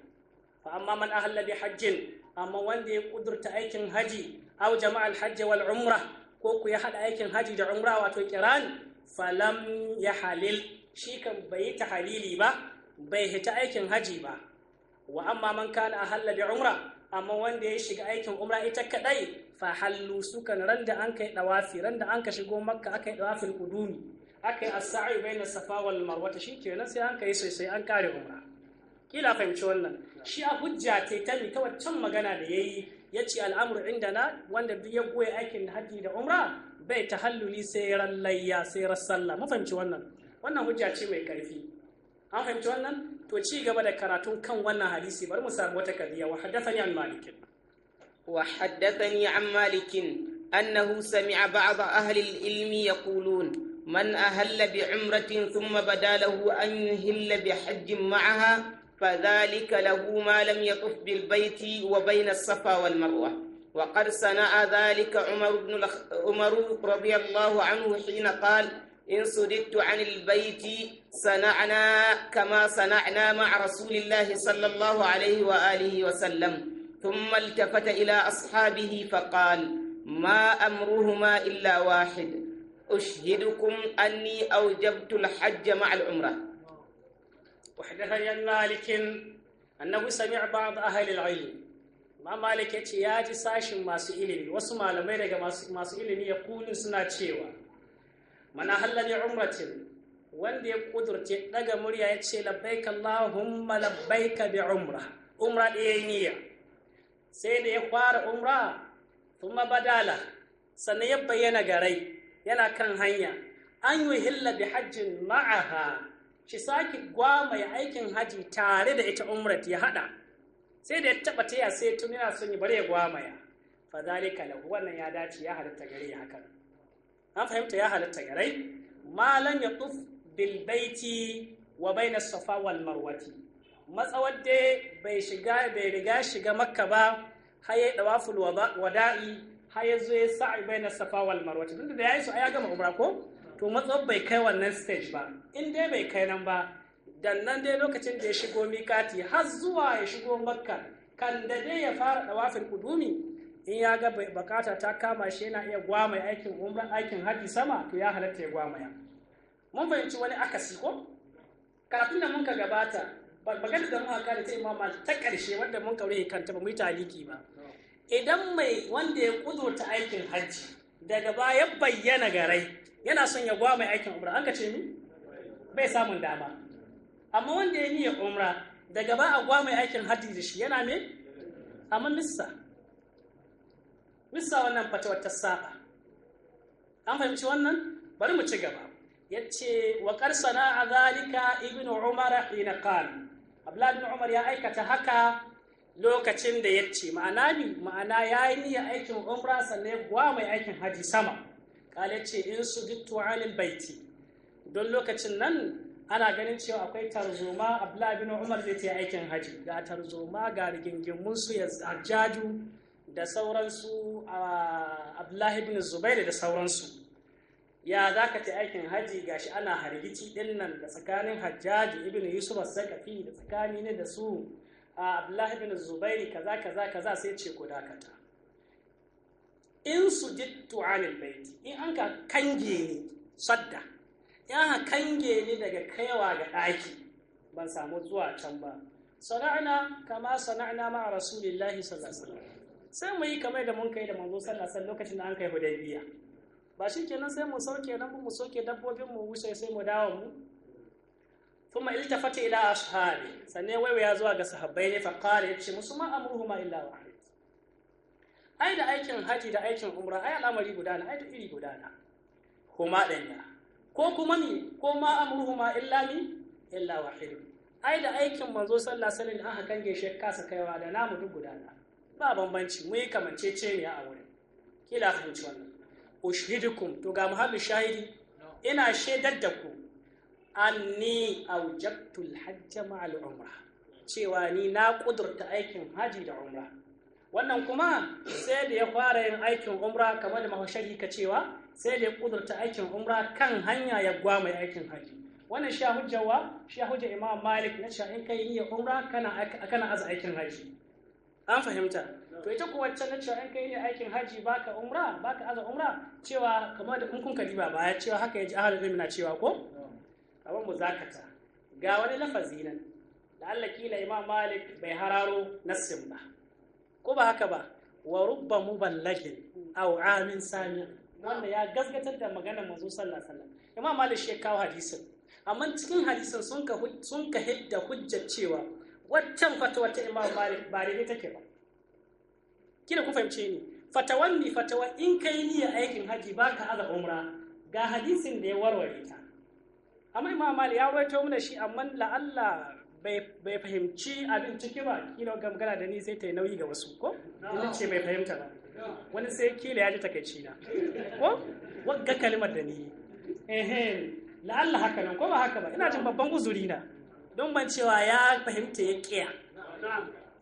fa amma man ahalla bi hajjin amma wanda ya kudurta aikin haji au jama'al hajji wal umra ko ku ya hada aikin haji da umra wato kiran falam ya halil shi kan bai ta halili ba bai hita aikin haji ba wa amma man kana ahalla bi umra amma wanda ya shiga aikin umra ita kadai fa hallu ran randa an kai dawafi randa an ka shigo makka aka yi dawafin kudumi aka yi as-sa'i baina safa wal marwa shikenan sai an kai sai an kare umra kila fahimci wannan shi a hujja ta ta mi ta waccan magana da yayi yace al'amru indana wanda duk ya goye aikin haji da umra bai tahalluli sai ran layya sai ran sallah fahimci wannan wannan hujja ce mai karfi an fahimci wannan to ci gaba da karatun kan wannan hadisi bari mu samu wata kadiya wa haddathani an malik wa haddathani an malik annahu sami'a ba'd ahli al-ilmi yaqulun man ahalla bi umratin thumma badalahu an yuhilla bi hajjin ma'aha فذلك له ما لم يطف بالبيت وبين الصفا والمروة وقد صنع ذلك عمر بن الخ... عمر رضي الله عنه حين قال إن صددت عن البيت صنعنا كما صنعنا مع رسول الله صلى الله عليه وآله وسلم ثم التفت إلى أصحابه فقال ما أمرهما إلا واحد أشهدكم أني أوجبت الحج مع العمرة وحدها يا مالك أنه سمع بعض أهل العلم ما مالك يا جي ما سئلني وسمع لما يرجع ما سئلني يقول ya mana hallali umratin wanda ya kudurce daga murya ya ce labbaik Allahumma labbaik bi umra umra da yayi niyya sai da ya fara umra thumma badala sannan ya bayyana garai yana kan hanya an yi hilla bi hajjin ma'aha shi gwama ya aikin haji tare da ita umrat ya hada sai da ya taba taya sai tun yana son ya bare ya gwamaya fa zalika lahu wannan ya dace ya halatta gare ya hakan an fahimta ya halatta garai malam ya tuf bil baiti wa baina safa wal marwati matsawar bai shiga bai riga shiga makka ba har ya dawaful wada'i har ya zo ya sa'i safa wal marwati tunda da yayi su ya gama umra ko to matsawar bai kai wannan stage ba in dai bai kai nan ba dan nan dai lokacin da ya shigo mikati har zuwa ya shigo makka kan da dai ya fara dawafin kudumi in ya ga bukata ta kama shi yana iya gwamaya aikin umra aikin haji sama to ya halatta ya gwamaya mun fahimci wani akasi ko kafin da mun ka gabata magana da haka kare ta imama ta karshe wanda mun kaure kanta ba mu yi taliki ba idan mai wanda ya kudurta aikin hajji daga baya bayyana garai yana son ya gwamai aikin umra an ka ce ni bai samun dama amma wanda ya niyyar umra daga ba a gwamai aikin hajji da shi yana me amma missa bisa wannan fatawar ta saba an fahimci wannan bari mu ci gaba yace wa na sana'a zalika ibn umar hina qala abdullah ibn umar ya aikata haka lokacin da yace ma'ana ni ma'ana yayi niyyar aikin umra sannan gwa mai aikin haji sama kala yace in su dittu anil baiti don lokacin nan ana ganin cewa akwai tarzoma abdullahi bin umar zai yi aikin haji ga tarzoma ga rigingimun su ya da sauransu abdullahi ibn zubair da sauransu ya za ka ta aikin haji gashi ana hargici din nan da tsakanin hajjaji ibn yusuf al-sakafi da tsakani ne da su a abdullahi ibn zubairi kaza kaza kaza sai ce ku dakata in su jittu anil baiti in an ka kange ni sadda in an kange ni daga kaiwa ga ɗaki ban samu zuwa can ba Sana'ana kama sana'na ma rasulillahi sallallahu alaihi wasallam sai mu yi kamar da mun kai da manzo sallallahu alaihi lokacin da an kai hudaybiya ba shi kenan sai mu sauke nan mu soke dabbobin mu wuce sai mu dawo mu thumma iltafata ila ashabi sanne waiwa ya zuwa ga sahabbai ne fa qala yace musu ma amruhuma illa wahid ai da aikin haji da aikin umra ai al'amari guda na ai da iri guda na kuma ya ko kuma ni ko ma amruhuma illa ni illa wahid ai da aikin manzo sallallahu alaihi wasallam aka kange shi kasa kaiwa da namu duk guda na ba bambanci mu yi ne a wurin kila fahimci wannan ushidukum to ga shahidi ina shaidar da ku anni aujabtu alhajja ma'al umrah cewa ni na kudurta aikin haji da umra wannan kuma sai da ya fara yin aikin umra kamar da mahaushari ka cewa sai da ya kudurta aikin umra kan hanya ya gwama aikin haji wannan sha hujjawa imam malik na sha in kai niyyar umra kana kana aza aikin haji an fahimta to ita kuwa can na cewa in kai ne aikin haji baka umra baka aza umra cewa kamar da in kun kadiba baya cewa haka yaji ahlul ilmi na cewa ko abin mu zakata ga wani lafazi nan da Allah kila Imam Malik bai hararo nassin ba ko ba haka ba wa rubba muballakin aw amin sami wanda ya gaskatar da maganar manzo sallallahu alaihi wasallam Imam Malik shi kawo hadisin amma cikin hadisin sun ka sun ka hidda hujjar cewa waccan fatawa ta imam malik ba daidai take ba kina ku fahimce ni fatawan mi fatawa in kai niyya aikin haji ba ka aza umra ga hadisin da ya warware ta amma imam malik ya rawaito mana shi amma la'alla bai fahimci abin ciki ba kina ga magana da ni sai ta yi nauyi ga wasu ko ina ce bai fahimta ba wani sai kila ya ji takaici na ko wagga kalimar da ni ehem la'alla haka nan ko ba haka ba ina jin babban uzuri na don ban cewa ya fahimta ya ƙiya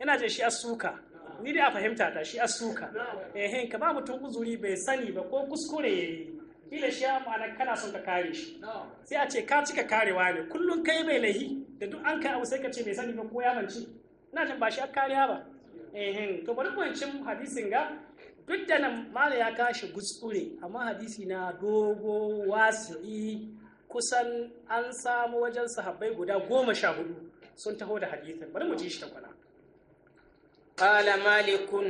yana jin shi asuka ni dai a fahimta ta shi suka. eh ka ba mutum uzuri bai sani ba ko kuskure ya yi kila shi ma'ana kana son ka kare shi sai a ce ka cika karewa ne kullum kai bai lahi da duk an kai abu sai ka ce bai sani ba ko ya manci ina jin ba shi a kariya ba eh to bari mu yancin hadisin ga duk da nan mala ya kashi gutsure amma hadisi na dogo wasi'i kusan an samu wajen sahabbai guda goma sha hudu sun taho da hadithin bari mu ji shi ta kwana qala malikun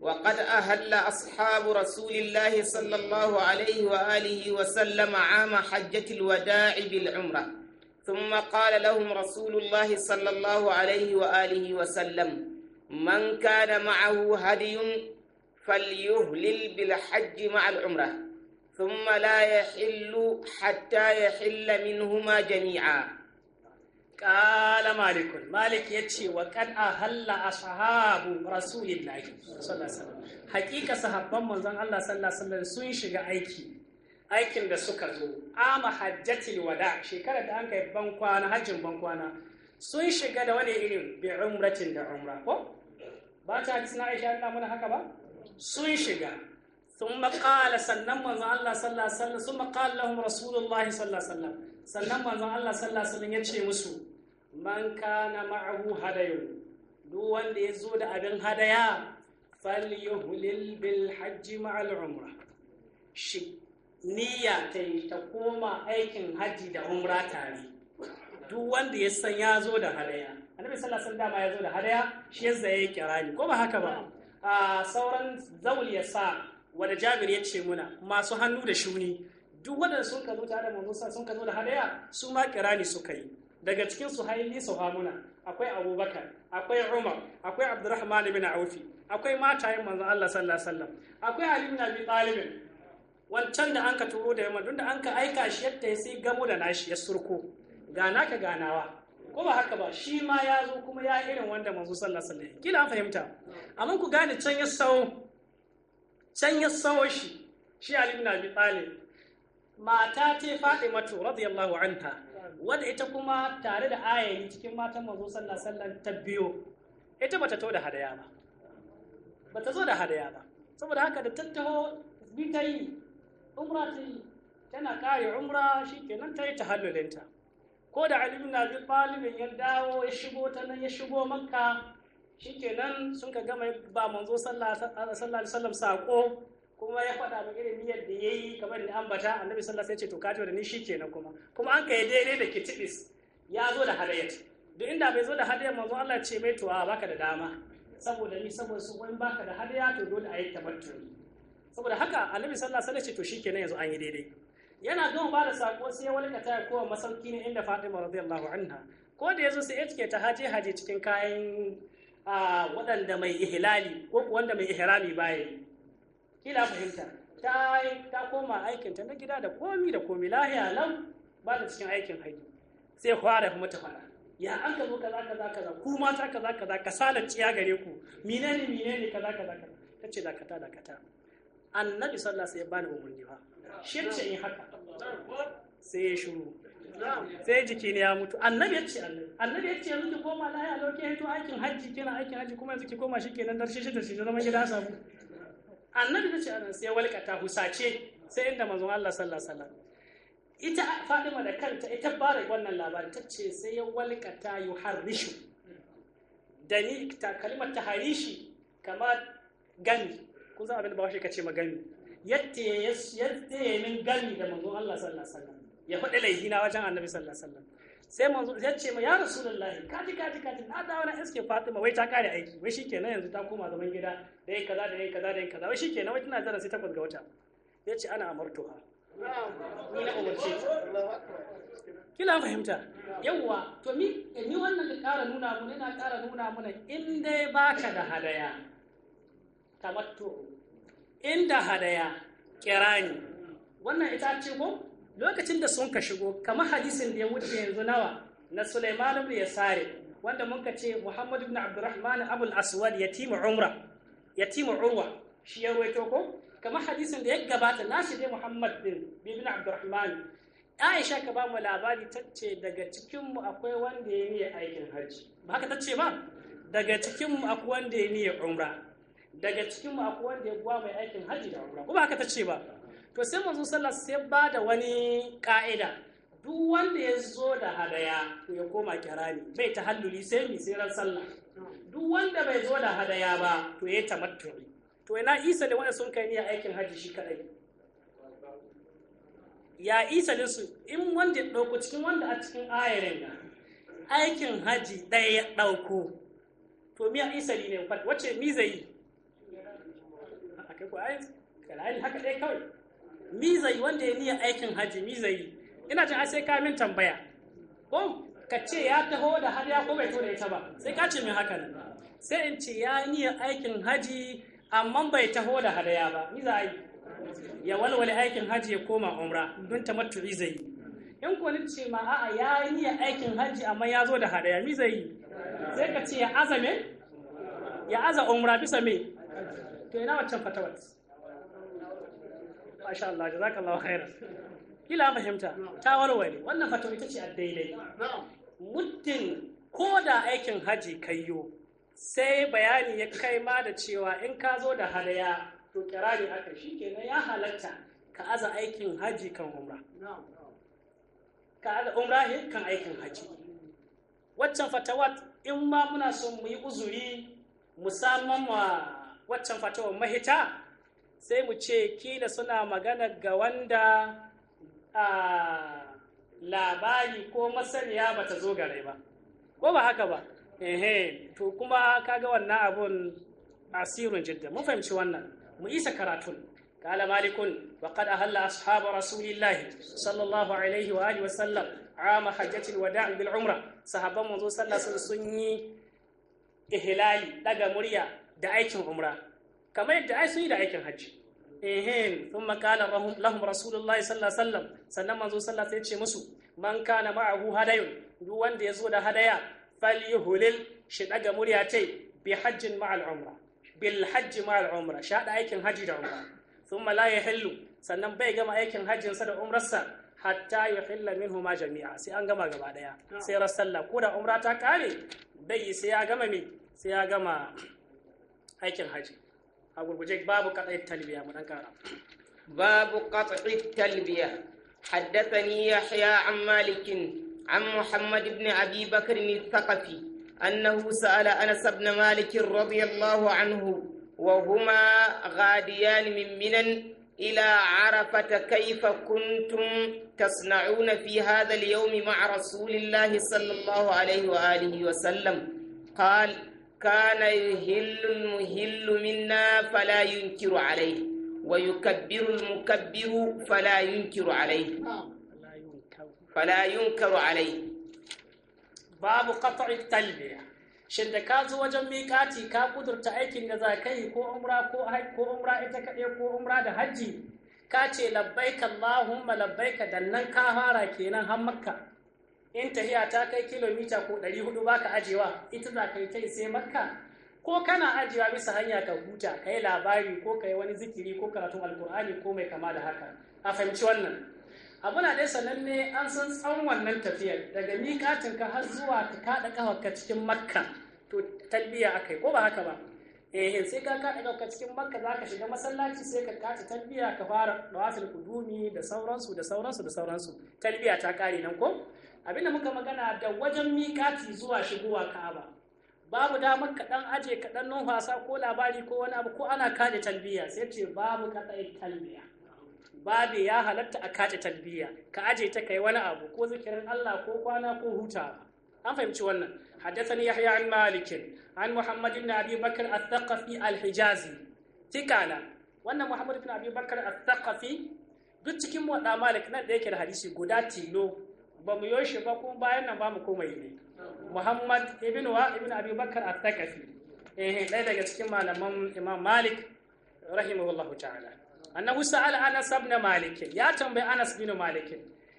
wa qad ahalla ashabu rasulillahi sallallahu alaihi wa alihi wa sallama ama hajjatil wada'i bil umrah ثم قال لهم رسول الله صلى الله عليه وآله وسلم من كان معه هدي فليهلل بالحج مع العمره ثم لا يحل حتى يحل منهما جميعا قال مالك مالك يتشي وقد أهل أصحاب رسول الله صلى الله عليه وسلم حقيقة صحابة من زن الله صلى الله عليه وسلم أيكي aikin da suka zo ama hajjatil wada shekarar da an kai ban kwana hajjin ban kwana sun shiga da wani irin bi umratin da umra ko ba ta hadisi na Aisha Allah mana haka ba sun shiga ثم قال سنن من الله صلى الله عليه وسلم ثم قال لهم رسول الله صلى الله عليه وسلم سنن من الله صلى الله عليه وسلم yace musu Manka na ma'ahu hadayu duk wanda ya zo da abin hadaya falyuhlil bil hajji ta ta koma aikin haji da umra tare duk wanda ya san ya zo da hadaya annabi sallallahu alaihi wasallam ya zo da hadaya shi yasa ya kira ni ko ba haka ba a sauran ya sa." wanda jabir ya ce muna masu hannu da shuni duk waɗanda sun ka zo tare da Musa sun ka zo da hadaya su ma kirani suka yi daga cikin su haili su hamuna akwai abubakar akwai umar akwai abdurrahman ibn aufi akwai matayen manzon allah sallallahu alaihi wasallam akwai ali ibn abi talib wancan da an ka turo da yamma da an ka aika shi yadda ya sai gamo da nashi ya surko gana ka ganawa ko ba haka ba shi ma ya zo kuma ya irin wanda manzo sallallahu alaihi wasallam kila an fahimta amma ku gane can ya sau can ya sawo shi shi Ali ibn Abi Talib mata ta Fatimatu radiyallahu anta wadda ita kuma tare da ayayi cikin matan manzo sallallahu alaihi wasallam ta biyo ita bata to da hadaya ba bata zo da hadaya ba saboda haka da tattaho bi ta yi umra ta yi tana kare umra shikenan ta yi tahallulinta ko da Ali ibn Abi Talib ya dawo ya shigo ta nan ya shigo Makka shikenan sun ka gama ba manzo sallallahu alaihi wasallam sako kuma ya faɗa da irin niyyar da yayi kamar da ambata annabi sallallahu alaihi wasallam ya ce to ka da ni shikenan kuma kuma an kai daidai da kitibis ya zo da hadayat duk inda bai zo da hadayat manzo Allah ce mai to a baka da dama saboda ni saboda su wani baka da hadaya to dole a yi tabattu saboda haka annabi sallallahu alaihi wasallam ce to shikenan yanzu an yi daidai yana gama ba da sako sai wani ka taya kowa masauki ne inda Fatima radiyallahu anha ko da yazo sai ya cike ta haje haje cikin kayan waɗanda mai ihilali. ko wanda mai ihrami baya yi kila fahimta ta ta koma aikin ta na gida da komi da komi lahiya lam ba da cikin aikin haji sai fara kuma ta fara ya an ka zo kaza kaza kaza ku ta kaza kaza salar ciya gare ku menene menene kaza kaza kaza ce dakata dakata annabi sallallahu alaihi wasallam ya bani umarni fa shirce in haka sai ya shuru sai jiki ne ya mutu annabi ya ce annabi ya ce yanzu ki koma lahiya ya to aikin hajji kina aikin hajji kuma yanzu ki koma shi kenan dar shi da shi zama gida samu annabi ta ce anan sai walƙata husace sai inda manzon Allah sallallahu alaihi wasallam ita Fadima da kanta ita bare wannan labari ta ce sai ya walƙata yuharrishu da ni ta kalmar taharishi kamar gani kun san abin da ba shi kace magani yadda ya min gani da manzon Allah sallallahu alaihi wasallam ya faɗi laifi na wajen annabi sallallahu alaihi wasallam sai manzo ya ce ma ya rasulullahi kaji kaji kaji na dawo na eske fatima wai ta kare aiki wai shikenan yanzu ta koma zaman gida da yin kaza da yin kaza da yin kaza wai shikenan wai tana zaran sai takwas ga wata ya ce ana amartuha ni na umarce kila fahimta yawwa to mi ni wannan da ƙara nuna mu ne na ƙara nuna mana in dai baka da hadaya tamattu inda hadaya kirani wannan ita ce ko lokacin da sun ka shigo kamar hadisin da ya wuce yanzu nawa na Sulaiman ibn Yasari wanda mun ka ce Muhammad ibn Abdurrahman al Aswad yatimu umra yatimu urwa shi ya ruwaito ko kamar hadisin da ya gabata nashi dai Muhammad bin ibn Abdurrahman Aisha ka ba mu labari ta ce daga cikinmu akwai wanda ya niyyar aikin hajji ba ka ta ce ba daga cikinmu akwai wanda ya niyyar umra daga cikinmu akwai wanda ya guwa mai aikin hajji da umra ko ba haka ta ce ba to sai manzo sallah sai ba da wani ka'ida duk wanda ya zo da hadaya to ya koma kirani bai ta halluli sai mi sai ran sallah duk wanda bai zo da hadaya ba to ya tamattu'i to ina isa da wanda sun kai ni aikin hajji shi kadai ya isa da su in wanda ya dauko cikin wanda a cikin ayarin da aikin hajji ɗaya ya dauko to miya isa ne wacce mi zai yi a kai ko ayin haka dai kawai Mizayi wanda ya niya aikin haji mizayi ina jin sai ka min tambaya ko ka ce ya taho da har ya ko bai taho da ita ba sai ka ce min haka ne sai in ce ya niya aikin haji amma bai taho da hadaya ba miza yi ya walwale aikin haji ya koma umra don ta zai mizayi in kuwa ce ma a'a ya yi aikin haji amma ya zo da hadaya ya mizayi sai ka ce ya aza me ya aza umra bisa me to ina wancan fatawat masha Allah jazakallahu khairan kila fahimta ta warware wannan fatawa ita ce a daidai muddin ko da aikin haji kayyo sai bayani ya kai ma da cewa in ka zo da hadaya to kirari aka shikenan ya halatta ka aza aikin haji kan umra ka aza umra kan aikin haji waccan fatawat in ma muna son mu yi uzuri musamman ma waccan fatawar mahita sai mu ce kila suna magana ga wanda a labari ko masaniya ba ta zo gare ba ko ba haka ba ehe to kuma kaga wannan abun asirin jidda mun fahimci wannan mu isa karatun قال مالك وقد أهل أصحاب رسول الله صلى الله عليه وآله وسلم عام حجة الوداع بالعمرة صحابة منذ صلى الله عليه وسلم إهلالي مريا عمره kamar yadda ai sun yi da aikin hajji ehin sun makana lahum rasulullahi sallallahu sallam sannan manzo sallah sai ce musu man kana ma'ahu hadayun duk wanda ya zo da hadaya falyuhulil shi daga murya tai bi hajjin ma'al umra bil hajji ma'al umra sha da aikin haji da umra thumma la yahillu sannan bai gama aikin hajjin sa da umrarsa hatta yuhilla minhu ma jami'a sai an gama gaba daya sai ran ko da umra ta kare bai sai ya gama me sai ya gama aikin haji أقول بجيك باب قطع التلبية من أنكارا باب قطع التلبية حدثني يحيى عن مالك عن محمد بن أبي بكر الثقفي أنه سأل أنس بن مالك رضي الله عنه وهما غاديان من منن إلى عرفة كيف كنتم تصنعون في هذا اليوم مع رسول الله صلى الله عليه وآله وسلم قال kana yuhillu almuhillu minna fala yunkiru alayhi wa yukabbiru almukabbiru fala yunkiru alayhi fala babu qat'i shin da ka zo wajen miƙati ka kudurta aikin da za ka yi ko umra ko ko umra ita kaɗai ko umra da hajji ka ce labbaika allahumma labbaika dan nan ka fara kenan har makka in tahiya ta kai kilomita ko 400 baka ajewa ita za ka yi kai sai makka ko kana ajewa bisa hanya ka huta ka yi labari ko ka yi wani zikiri ko karatun alkur'ani ko mai kama da haka a fahimci wannan abuna dai sananne an san tsawon wannan tafiyar daga miƙatin ka har zuwa ka kaɗa ƙafarka cikin makka to talbiya akai ko ba haka ba eh sai ka kaɗa ƙafarka cikin makka za ka shiga masallaci sai ka kaɗa talbiya ka fara ɗawafin kudumi da sauransu da sauransu da sauransu talbiya ta ƙare nan ko abinda muka magana da wajen miƙati zuwa shigowa ka'aba babu damar kaɗan aje kaɗan numfasa ko labari ko wani abu ko ana kaje talbiya sai ce babu kaɗai talbiya babu ya halatta a kaje talbiya ka aje ta kai wani abu ko zikirin Allah ko kwana ko hutawa an fahimci wannan haddathani yahya an malikin an muhammad ibn abi bakr al-thaqafi al-hijazi tikala wannan muhammad ibn abi bakr al-thaqafi duk cikin wada malik nan da yake da hadisi guda tilo ba mu yoshe ba kuma bayan nan ba mu koma yi Muhammad ibn wa ibn Abi Bakar at-Taqafi eh, eh ɗaya daga cikin malaman Imam Malik rahimahullah ta'ala annahu sa'ala Anas ibn Malik ya tambayi Anas ibn Malik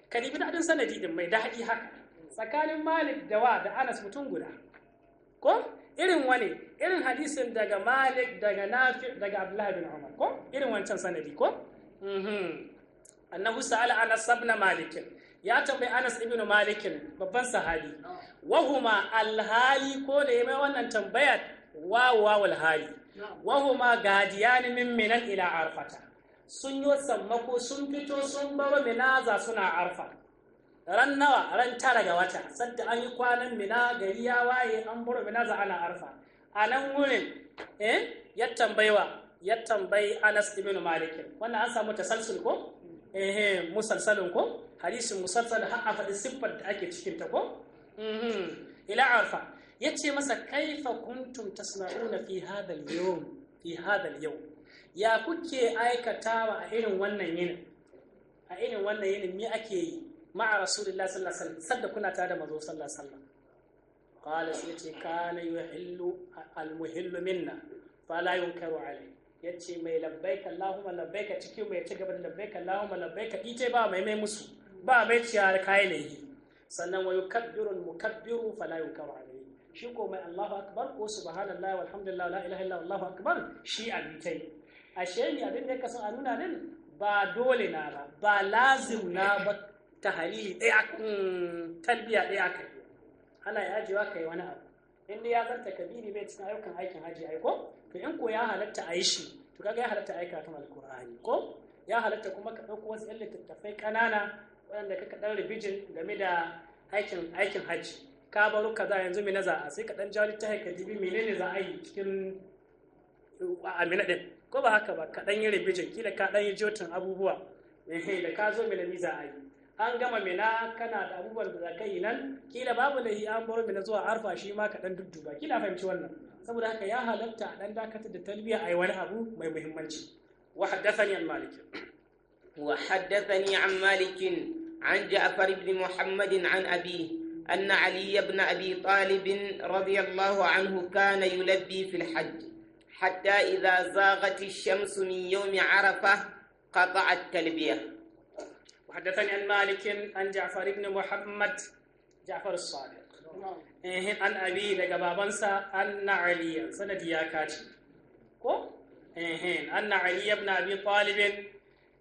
kalibi da sanadi din mai daɗi haka tsakanin Malik da wa da Anas mutum guda ko irin wani irin hadisin daga malik daga nafi daga abdullahi bin umar ko irin wancan sanadi ko mhm. annahu sa'ala anas ibn malik ya tambayi Anas ibn Malikin babban sahabi wahuma alhali ko da wannan tambayar wawa walhali wahuma gadiyani min minan ila arfata sun yi sammako sun fito sun baro minaza suna arfa ran nawa ran tara ga wata sadda an yi kwanan mina gari ya waye an baro minaza ana arfa a nan wurin eh ya tambayi Anas ibn Malikin wannan an samu tasalsul ko ehe musalsalun ko hadisin musalsal har a faɗi siffar da ake cikin ta ko mhm. ila arfa ce masa kaifa kuntum tasma'una fi hadal al-yawm fi hadha yawm ya kuke aikatawa a irin wannan yinin a irin wannan yinin me ake yi ma'a rasulullahi sallallahu alaihi wasallam sadda kuna tare da manzo sallallahu alaihi wasallam qala sai ce kana yuhillu al-muhillu minna fala yunkaru alayhi ya ce mai labbaika Allahumma labbaika cikin mai ci gaba da labbaika Allahumma labbaika ite ba mai mai musu ba mai ciya kayan yi sannan wa yukabbiru mukabbiru fala yukaru alayhi shi ko mai Allahu akbar ko subhanallahi walhamdulillah la ilaha illa Allahu akbar shi abitai ashe ni abin da ka a nuna din ba dole na ba ba lazim na ba tahalili ɗaya hmm, talbiya ɗaya kai ana yajewa kai wani abu in inda ya zarta kabiri bai cikin ayyukan aikin haji ai ko to in ko ya halatta a yi shi to kaga ya halatta aika ta alkur'ani ko ya halatta kuma ka dauko wasu yan littattafai kanana waɗanda ka ɗan rubijin game da aikin aikin haji ka baro kaza yanzu mina za a sai ka ɗan jawo littafin ka dibi menene za a yi cikin a ɗin ko ba haka ba ka ɗan yi rubijin kila ka ɗan yi jotin abubuwa da ka zo mina na za a yi an gama mina kana da abubuwan da zaka yi nan kila babu lahi an baro mina zuwa arfa shi ma ka dan dudduba kila fahimci wannan saboda haka ya halatta a dan dakatar da talbiya ai wani abu mai muhimmanci wa haddathani an malik wa haddathani an malik an ja'far ibn muhammad an abi أن علي بن أبي طالب رضي الله عنه كان يلبي في الحج حتى إذا زاغت الشمس من يوم عرفة قطع التلبية وحدثني 'yan مالك عن جعفر بن محمد جعفر الصادق eh an abi daga babansa anna aliya sanadi ya kaci ko eh anna ali ibn abi talib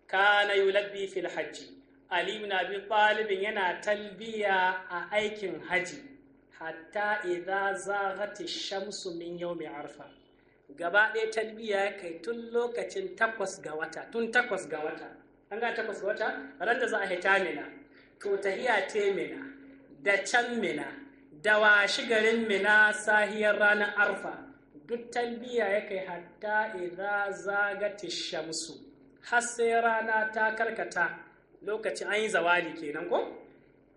kana yulabbi fil hajj ali ibn yana talbiya a aikin haji hatta idza zaghat ash-shamsu min yawmi arfa gaba ɗaya talbiya kai tun lokacin takwas ga tun takwas ga wata an ga takwas ga wata ran da za a hita mina to tahiya te mina da can mina da washi garin mina sahiyar ranar arfa duk talbiya ya kai hatta idza zagati musu, har sai rana ta karkata lokacin an yi zawali kenan ko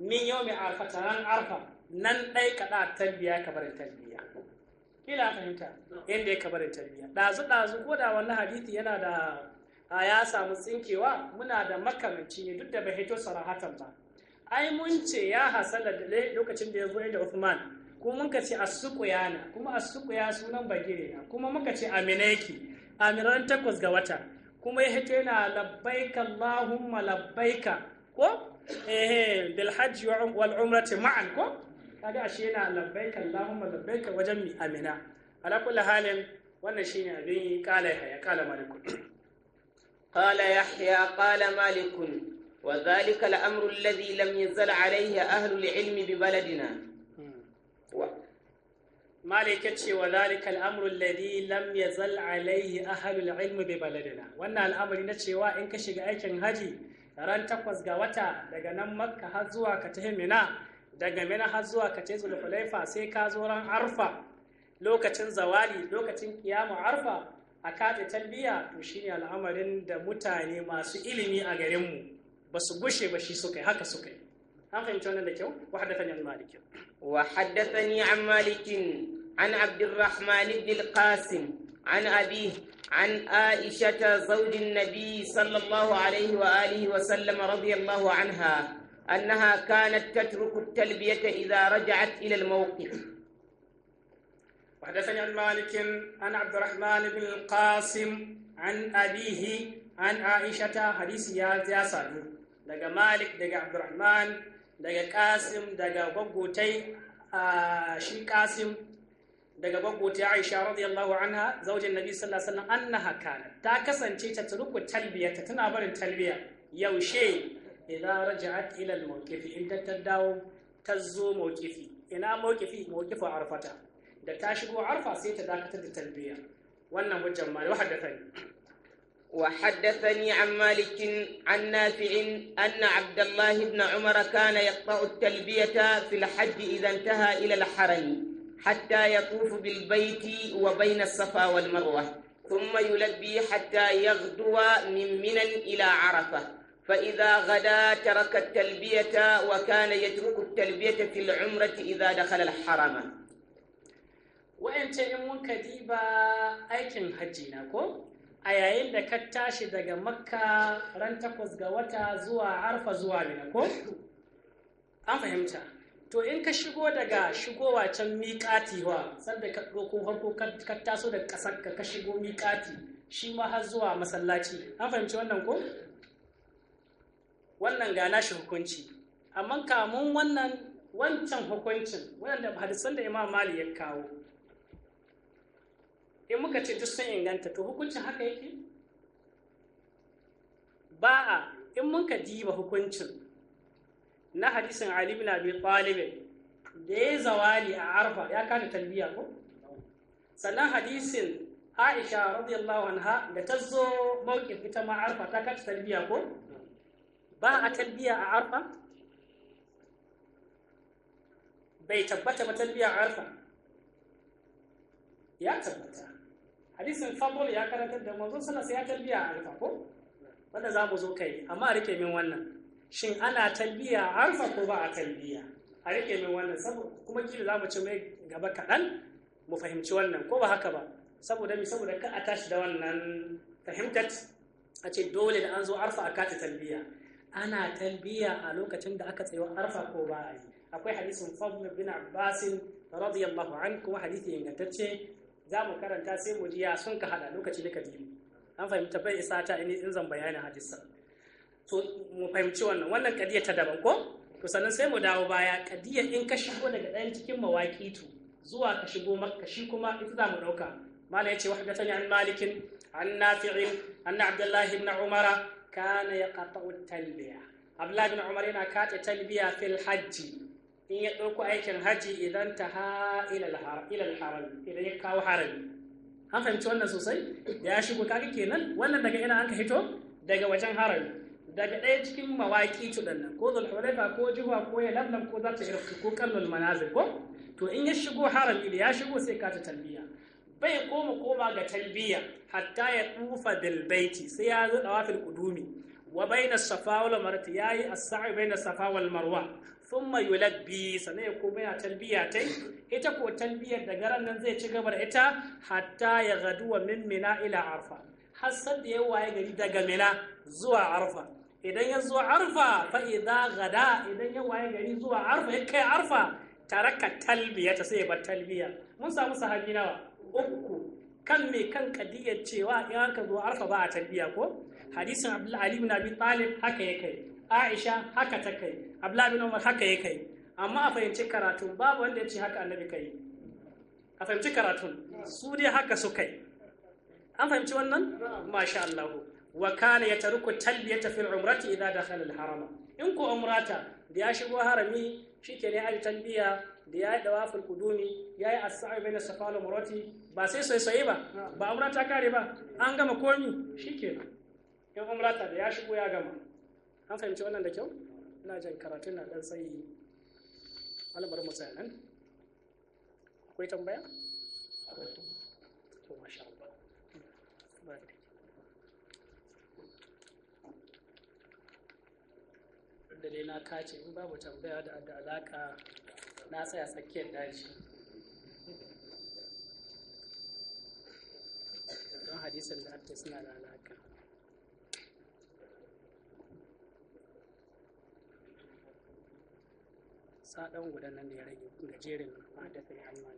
min yau mai arfa ran arfa nan ɗai kaɗa talbiya kabarin talbiya kila fahimta inda ya kabarin talbiya ɗazu ɗazu ko da wannan hadithi yana da a ya samu tsinkewa muna da makamanci ne duk da bai hito sarahatan ba ai mun ce ya hasala da lokacin da ya zo da Uthman kuma muka ce as kuma as sunan bagire na kuma muka ce aminaki amiran takwas ga wata kuma ya hito yana labbaika Allahumma labbaika ko eh bil hajji um-, wal umrati ma'an ko kaga ashe yana labbaika Allahumma labbaika wajen mi amina ala kulli halin wannan shine abin yi kala ya kala malikul قال يحيى قال مالك وذلك الأمر الذي لم يزل عليه أهل العلم ببلدنا hmm. مالك يتشي وذلك الأمر الذي لم يزل عليه أهل العلم ببلدنا وأن الأمر نتشي وإن كشي أيكن هجي ran takwas ga wata daga nan makka har zuwa ka tafi mina daga mina har zuwa ka tafi zulhulaifa sai ka zo ran arfa lokacin zawali lokacin kiyama arfa a kaɗe talbiya to shine al'amarin da mutane masu ilimi a garinmu ba su gushe ba shi suka haka suka yi an fahimci wannan da kyau wa haddathani an malikin wa haddathani an malikin an abdurrahman ibn al-qasim an abi an aisha zaudin nabi sallallahu alaihi wa alihi wa sallam radiyallahu anha أنها كانت تترك التلبية إذا رجعت إلى الموقف وحدثني عن مالك عن عبد الرحمن بن القاسم عن أبيه عن عائشة حديث يا سادو دقى مالك دقى عبد الرحمن دقى قاسم دقى بقوتي شي قاسم daga bagota Aisha radiyallahu anha zaujin Nabi sallallahu alaihi wasallam annaha kanat ta kasance ta turku talbiyata tana barin talbiya yaushe idan raja'at ila al-mawqif in ta dawo ta zo mawqifi ina mawqifi mawqifu arfata da ta shigo arfa sai ta dakatar da talbiya wannan hujjar mali وحدثني عن مالك عن نافع أن عبد الله بن عمر كان يقطع التلبية في الحج إذا انتهى إلى الحرم حتى يطوف بالبيت وبين الصفا والمروة ثم يلبي حتى يغدو من منى إلى عرفة فإذا غدا ترك التلبية وكان يترك التلبية في العمرة إذا دخل الحرم wa'ancan in mun diba aikin hajji na ko a yayin da ka tashi daga makka ran takwas ga wata zuwa arfa zuwa mina ko an fahimta to in ka shigo daga shigowa can miƙati wa sanda ka ɗauko farko ka taso da ƙasar ka shigo miƙati shi ma har zuwa masallaci an fahimci wannan ko wannan ga nashi hukunci amma kamun wannan wancan hukuncin wanda hadisan da imam mali ya kawo in muka ce duk sun inganta to hukuncin haka yake ba a in muka diba hukuncin na hadisin Ali bin Abi Talib da ya zawali a Arfa ya kada talbiya ko sannan hadisin Aisha radiyallahu anha da ta zo mawqif ita ma Arfa ta kada talbiya ko ba a talbiya a Arfa bai tabbata ba talbiya a Arfa ya tabbata hadisin fadl ya karantar da manzon sallallahu ya talbiya a arfa ko wanda za mu zo kai amma a rike min wannan shin ana talbiya a arfa ko ba a talbiya a rike min wannan saboda kuma kila za mu ci mai gaba kaɗan mu fahimci wannan ko ba haka ba saboda mi saboda ka a tashi da wannan fahimtar a ce dole da an zo arfa a kata talbiya ana talbiya a lokacin da aka tsayo arfa ko ba a yi akwai hadisin fadl bin abbasin radiyallahu anhu kuma hadisi ingantacce za mu karanta sai mu ji ya sun ka hada lokaci da kadimu an fahimta bai isa ta in zan bayanin hadisa. to mu fahimci wannan wannan kadiya ta daban ko to sannan sai mu dawo baya kadiya in ka shigo daga ɗayan cikin mawaƙitu zuwa ka shigo makka shi kuma ita za mu ɗauka mala ya ce wahdatani an malikin an nafi'in anna abdullahi ibn umara kana yaqta'u talbiya abdullahi ibn umar yana kace talbiya fil hajji in ya ɗauko aikin haji idan ta ha ilal harami idan ya kawo harami an fahimci wannan sosai ya shigo kaga kenan wannan daga ina an ka hito daga wajen harami daga ɗaya cikin mawaƙi tuɗan nan ko zulhulaifa ko juwa ko ya lamlam ko za ta irka ko kallon manazir ko to in ya shigo harami da ya shigo sai ka ta talbiya bai koma koma ga talbiya hatta ya tufa bilbaiti sai ya zo dawafil kudumi wa baina safa wal marwa yayi as-sa'i baina safa wal marwa thumma yulabbi sannan kuma yana talbiya tai ita ko talbiyar da garan nan zai ci gaba da ita hatta ya gaduwa min mina ila arfa Hassan da yawa ya gari daga mina zuwa arfa idan ya zuwa arfa fa idza gada idan ya waye gari zuwa arfa ya kai arfa taraka talbiya ta sai bar talbiya mun samu sahabi nawa uku kan me kan kadiyar cewa in aka zo arfa ba a talbiya ko hadisin abdullahi ali bin abi talib haka ya kai aisha haka ta kai abdullahi bin umar haka ya kai amma a fahimci karatun babu wanda ya ce haka annabi kai a fahimci karatun su dai haka su kai an fahimci wannan masha Allah wa kana yataruku talbiyata fil umrati idza dakhala al haram in ko umrata da ya shigo harami shikenan ya talbiya da ya yi dawaful kudumi ya yi asa'i bai na safa al ba sai sai ba ba umrata kare ba an gama komi shikenan in umrata da ya shigo ya gama an fahimci wannan da kyau ina jan karatu na dan tsayi albar musa nan akwai tambaya to masha Allah da dai na kace in babu tambaya da da alaka na tsaya tsakiyar daji don hadisin da ake suna da alaka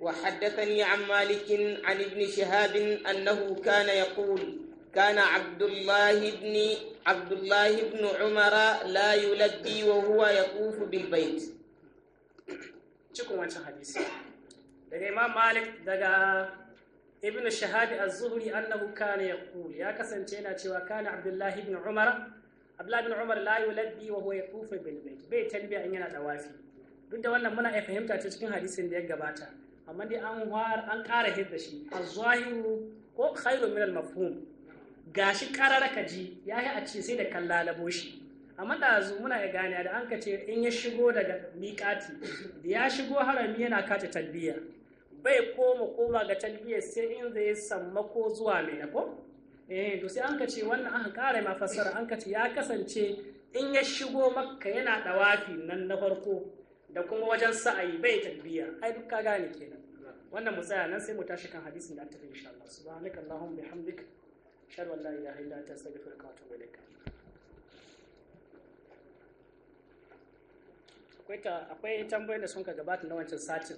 وحدثني عن مالك عن ابن شهاب أنه كان يقول كان عبد الله بن عبد الله بن عمر لا يلدي وهو يطوف بالبيت wancan daga imam malik daga ibn shahabi az-zuhri annahu kana yaqul ya kasance yana cewa kana abdullah ibn umar abdullah ibn umar la yuladdi wa huwa yatufu bil bayt bai talbiya in yana da wafi. duk da wannan muna iya fahimta ta cikin hadisin da ya gabata amma dai an an ƙara hidda shi a zahiru ko khairu min al-mafhum gashi karara ka ji yayi a ce sai da kallalabo shi amma da muna iya gane da an ka ce in ya shigo daga miƙati da ya shigo harami yana kata talbiya bai koma koma ga talbiyar sai in zai sammako zuwa mai ko eh to sai an ka ce wannan an ƙara ma fassara an ka ce ya kasance in ya shigo makka yana dawafi nan na farko da kuma wajen sa'ayi bai tarbiyya. ai duk ka gane kenan wannan mu tsaya nan sai mu tashi kan hadisin da tafi insha Allah subhanaka allahumma bihamdika ashhadu an la ilaha illa anta astaghfiruka wa atubu ilaik akwai akwai tambayoyin da sun ka gabata na wancan satin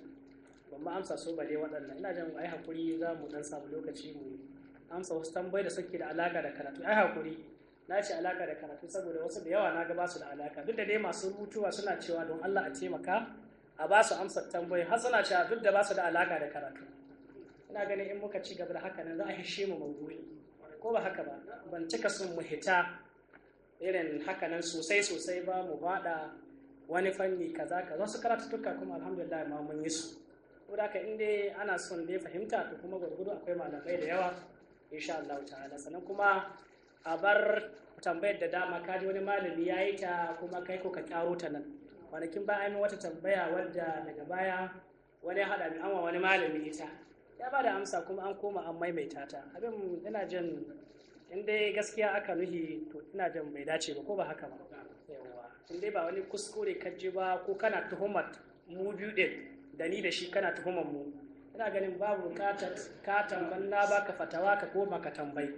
ban ma amsa so bale waɗannan ina jin ai hakuri za mu dan samu lokaci mu amsa wasu tambayoyi da suke da alaka da karatu ai hakuri na ce alaka da karatu saboda wasu da yawa na ga basu da alaka duk da dai masu rubutuwa suna cewa don Allah a taimaka a ba su amsar tambayoyi har suna cewa duk da basu da alaka da karatu ina ganin in muka ci gaba da haka nan za a hishe mu mawdu'i ko ba haka ba ban cika sun mu hita irin haka nan sosai sosai ba mu bada wani fanni kaza kaza karatu karatuttuka kuma alhamdulillah ma mun yi su ko haka in dai ana son dai fahimta to kuma gurgudu akwai malamai da yawa insha Allah ta'ala sannan kuma a bar tambayar da dama ka ji wani malami ya yi ta kuma kai ko ka kyaro ta nan kwanakin ba yi wata tambaya wadda daga baya wani haɗa mai amma wani malami ita ya ba da amsa kuma an koma an maimaita ta abin ina jin in dai gaskiya aka nuhi to ina jin bai dace ba ko ba haka ba yawa in dai ba wani kuskure ka ji ba ko kana tuhumar mu biyu ɗin da ni da shi kana tuhumar mu ina ganin babu ka tamban na baka fatawa ka koma ka tambayi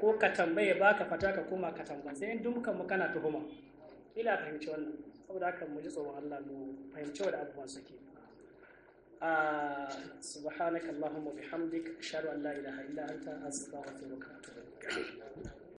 ko ka tambaye ba ka fata ka koma ka tambaye sai in dukkan mu kana tuhuma ila fahimci wannan saboda haka mu ji tsoron Allah mu fahimci ah, wa da abubuwan suke subhanakallahumma bihamdika ashhadu an la ilaha illa anta astaghfiruka wa atubu ilaik